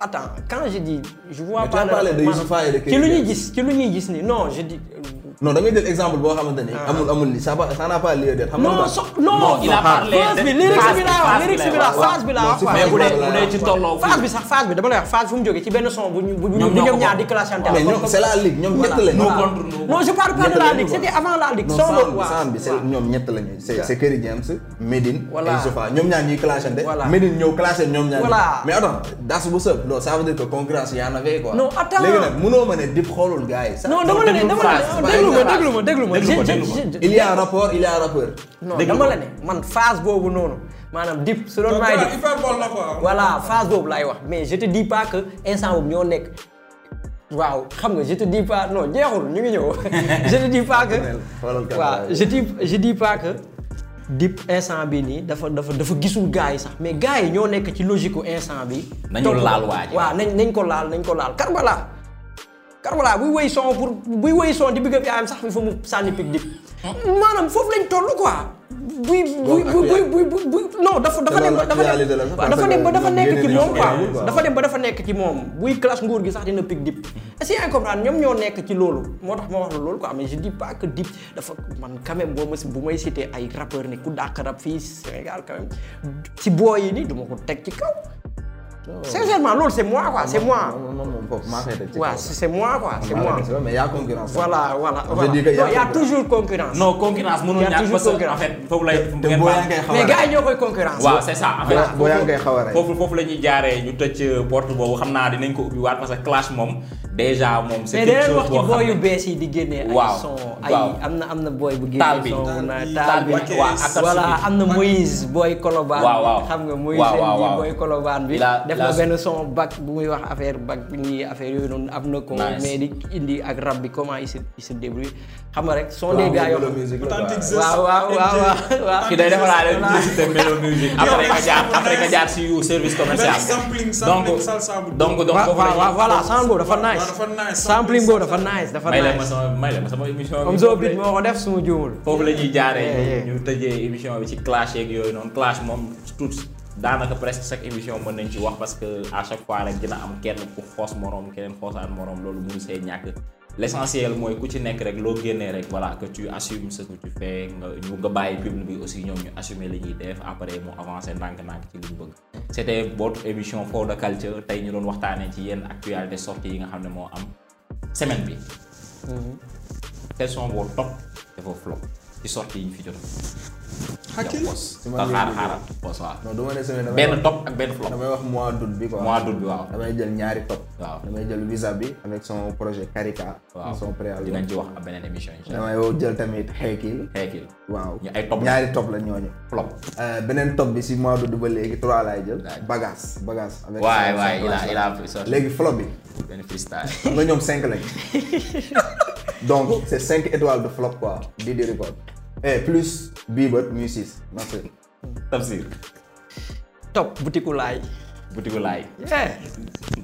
attends quand je dis je vois. pas de maanaam ci lu ñuy gis ci lu ñuy gis nii non je dis non da ngay jël exemple boo xamante ni. Ah. amul amul li ça va ça n'a pas lieu d'être. xam nga non il a parlé bi lyrics bi laa wax lyrics bi laa phase bi laa wax. mais bu ci sax phase dama benn son bu ñu la ligue ñoom ñett lañu. non je parle pas de la ligue c'était avant la ligue. son boobu waaw non bi c'est ñoom ñett lañu. c'est c'est Kerry James ma ne dip xoolul gars yi. non dama la ne dama la ne déglu ma déglu ma déglu ma il y a rapport il y a rapport. non dama ne man phase boobu noonu maanaam dip su doon maay dip voilà phase boobu laay wax mais je te dis pas instant boobu ñoo nekk. waaw xam nga je te dis pas non jeexul ñu ngi ñëw je te dis pas que. dip instant bi nii dafa dafa dafa gisul gars yi sax mais gars yi ñoo nekk ci logique instant bi. nañu laal waaj waaw nañ nañ ko laal nañ ko laal Karbala. Karola buy woy son pour buy woy son di bëgg yaayam sax il faut mu sànni pig dip maanaam foofu lañ toll quoi. buy buy buy buy buy non dafa dafa dem ba dafa nekk ci moom dafa dem ba dafa nekk ci moom buy classe nguur gi sax dina pig dip est si que yaa ñoom ñoo nekk ci loolu moo tax ma wax la loolu ko am je dis pas que dip dafa man quand boo ma si bu may cité ay rappeur ni ku dàq rap fii Sénégal quand même si booy yi ni du ma ko teg ci kaw sincèrement loolu c' est moi quoi c' moi. waaw c' moi quoi c' a concurrence. voilà voilà y' a toujours concurrence. non concurrence mënul ñàkk parce que en fait foofu lay. te boo foofu foofu la ñuy jaaree ñu tëj euh, porte boobu xam naa dinañ ko ubbi waat parce que clash moom déjà moom. c' est quelque chose boo xam ne wax ci booy bees yi di génne. waaw ay am na am na booy bu génne. taal bi taal bi waaw voilà am na Moïse booy Colobane. waaw waaw xam nga Moïse. waaw waaw waaw booy def na benn son bac bu muy wax affaire bac bi nii affaire yooyu noonu am na ko mais di indi ak rab bi comment il se il se xam nga rek son des gars yoo waaw waaw waaw waaw ki day defaraale publicité melo musique après nga jaar après nga jaar si yu service dafa nice sample boobu dafa nice dafa nice may leen ma sama may leen ma sama émission comme moo ko def suma juumul foofu la ñuy jaaree eh, eh. ñu tëjee émission bi ci clash yooyu noonu clash moom tout daanaka presque chaque émission mën nañ ci wax parce que à chaque fois rek dina am kenn ku xoos moroom keneen xoosaan moroom loolu mënu see ñàkk l'essentiel mooy ku ci nekk rek loo génnee rek voilà que tu assumes ce que nga ñu nga bàyyi public bi aussi ñoom ñu assumer li def après mu avancer ndànk-ndànk ci li ñu bëgg c'était votre émission For the Culture tey ñu doon waxtaanee ci yenn actualité sorties yi nga xam ne moo am semaine bi mm-hmm. quels sont vos top et vos flops yi ñu fi jot Ah, xakkil xaaral xaaral pos waaw. non du ma ne semaine damay benn top ak wax mois d' août bi quoi. mois d' bi waaw. damay jël ñaari top. waaw damay jël visa bi. avec son projet Karika. waaw son préalable dinañ ci wax ab beneen émission damay jël tamit Haykil. Haykil waaw. ñu ñaari top la ñooñu. flop euh, beneen top bi si mois d' août ba léegi trois laay jël. bagas bagas. avec waay waay il a il léegi flop bi. benn freestyle. xam nga ñoom cinq lañ. donc c' est cinq étoiles de flop quoi. Didi Record. Eh, plus bi bët muy six merci. Tafsir. top butiku laay. butiku laay. yeah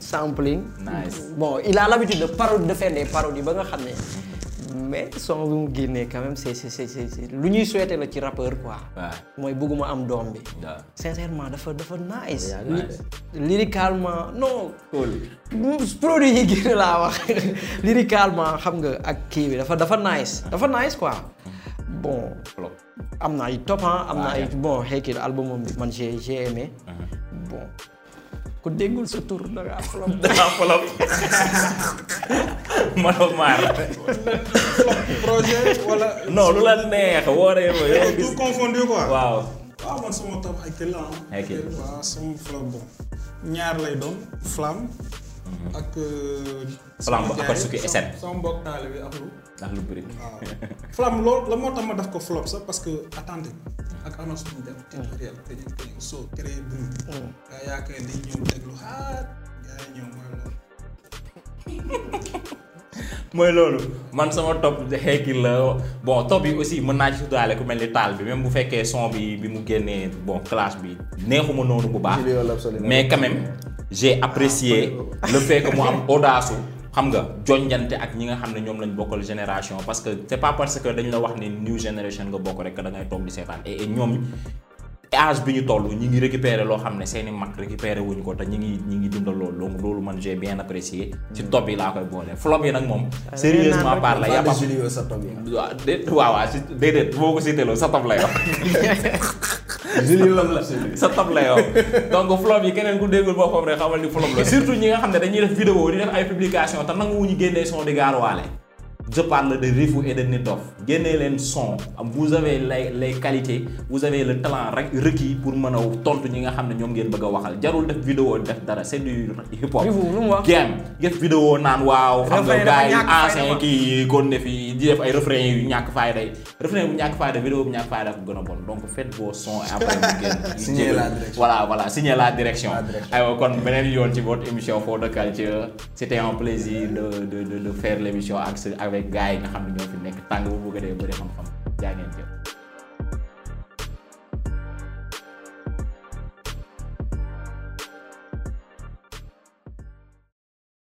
sampling. nice bon il a l'habitude de parodie de faire des ba nga xam ne. mais son bi mu génnee quand lu ñuy souhaiter la ci rappeur quoi. mooy bëgguma am doom bi. sincèrement dafa dafa nice. lyricalement non. Mm, produit yi génn laa wax lyricalement xam nga ak kii bi dafa dafa nice. dafa nice quoi. bon am na ay top ah, am na ay bon Hakill album moom man j'ai j'ai aimé uh-huh. bon ku déggul sa tur da flop da flop manoo maar projet wala lu la neex wooree ma yow waaw waaw ah, man sama top Hakill la Hakill ah. waaw sama flop bon ñaar lay doon flamme ak. flam bu Akatsuki SN sama mbokk taale bi ak lu. ndax ah, lu bëri. waaw flam loolu la moo tax ma def ko flop sax parce que attente ak annonce bi ñu def. éditorial dañuy dañuy soo créé bruit. nga yaakaar dañ ñëw déglu xaar ah, gars ñëw mooy loolu. mooy loolu man sama topp xeeki la boo topp yi aussi mën naa ci sutaale ku mel ni taal bi même bu fekkee son bi bi mu génnee bon classe bi neexuma noonu bu baax mais quand même j'ai apprécié ah, le fait mu am audace xam nga jonjante ak ñi nga xam ne ñoom lañ bokkal génération parce que c'est pas parce que dañ la wax ni new generation nga bokk rek da ngay toog di seetaan et ñoom âge bi ñu toll ñu ngi récupérer loo xam ne seeni mag récupérer wuñ ko te ñu ngi ñu ngi dundal loolu donc loolu man j'ai bien apprécié ci top yi laa koy boole flop yi nag moom euh, sérieusement par la yàpp waaw dé waaw waaw si déedéet boo ko sa top la wax Julien Lom la sa top la yow donc flop yi keneen ku déggul boppam rek xamal ni flop la surtout ñi nga xam ne dañuy def vidéo di def ay publication te nanguwuñu génnee soo di gaaruwaale je parle de Rifou et de Nitdoff génnee leen son am vous avez les les vous avez le talent rek requis pour mën a tontu ñi nga xam ne ñoom ngeen bëgg a waxal jarul def vidéo def dara c'est du hip hop. game def vidéo naan waaw. xam nga gars yi ancien kon ne fii di def ay refrain yu ñàkk fayda yi refrain bu ñàkk fayda vidéo bu ñàkk fayda ko gën a bon donc faites vos sons et après mu génn. la direction voilà voilà signer la direction. aywa kon beneen yoon ci votre émission Faux de Culture c'était un plaisir de avec gars yi nga xam ne ñoo nekk tàng bu bëgg a dee bëri xam-xam jaa ngeen jëf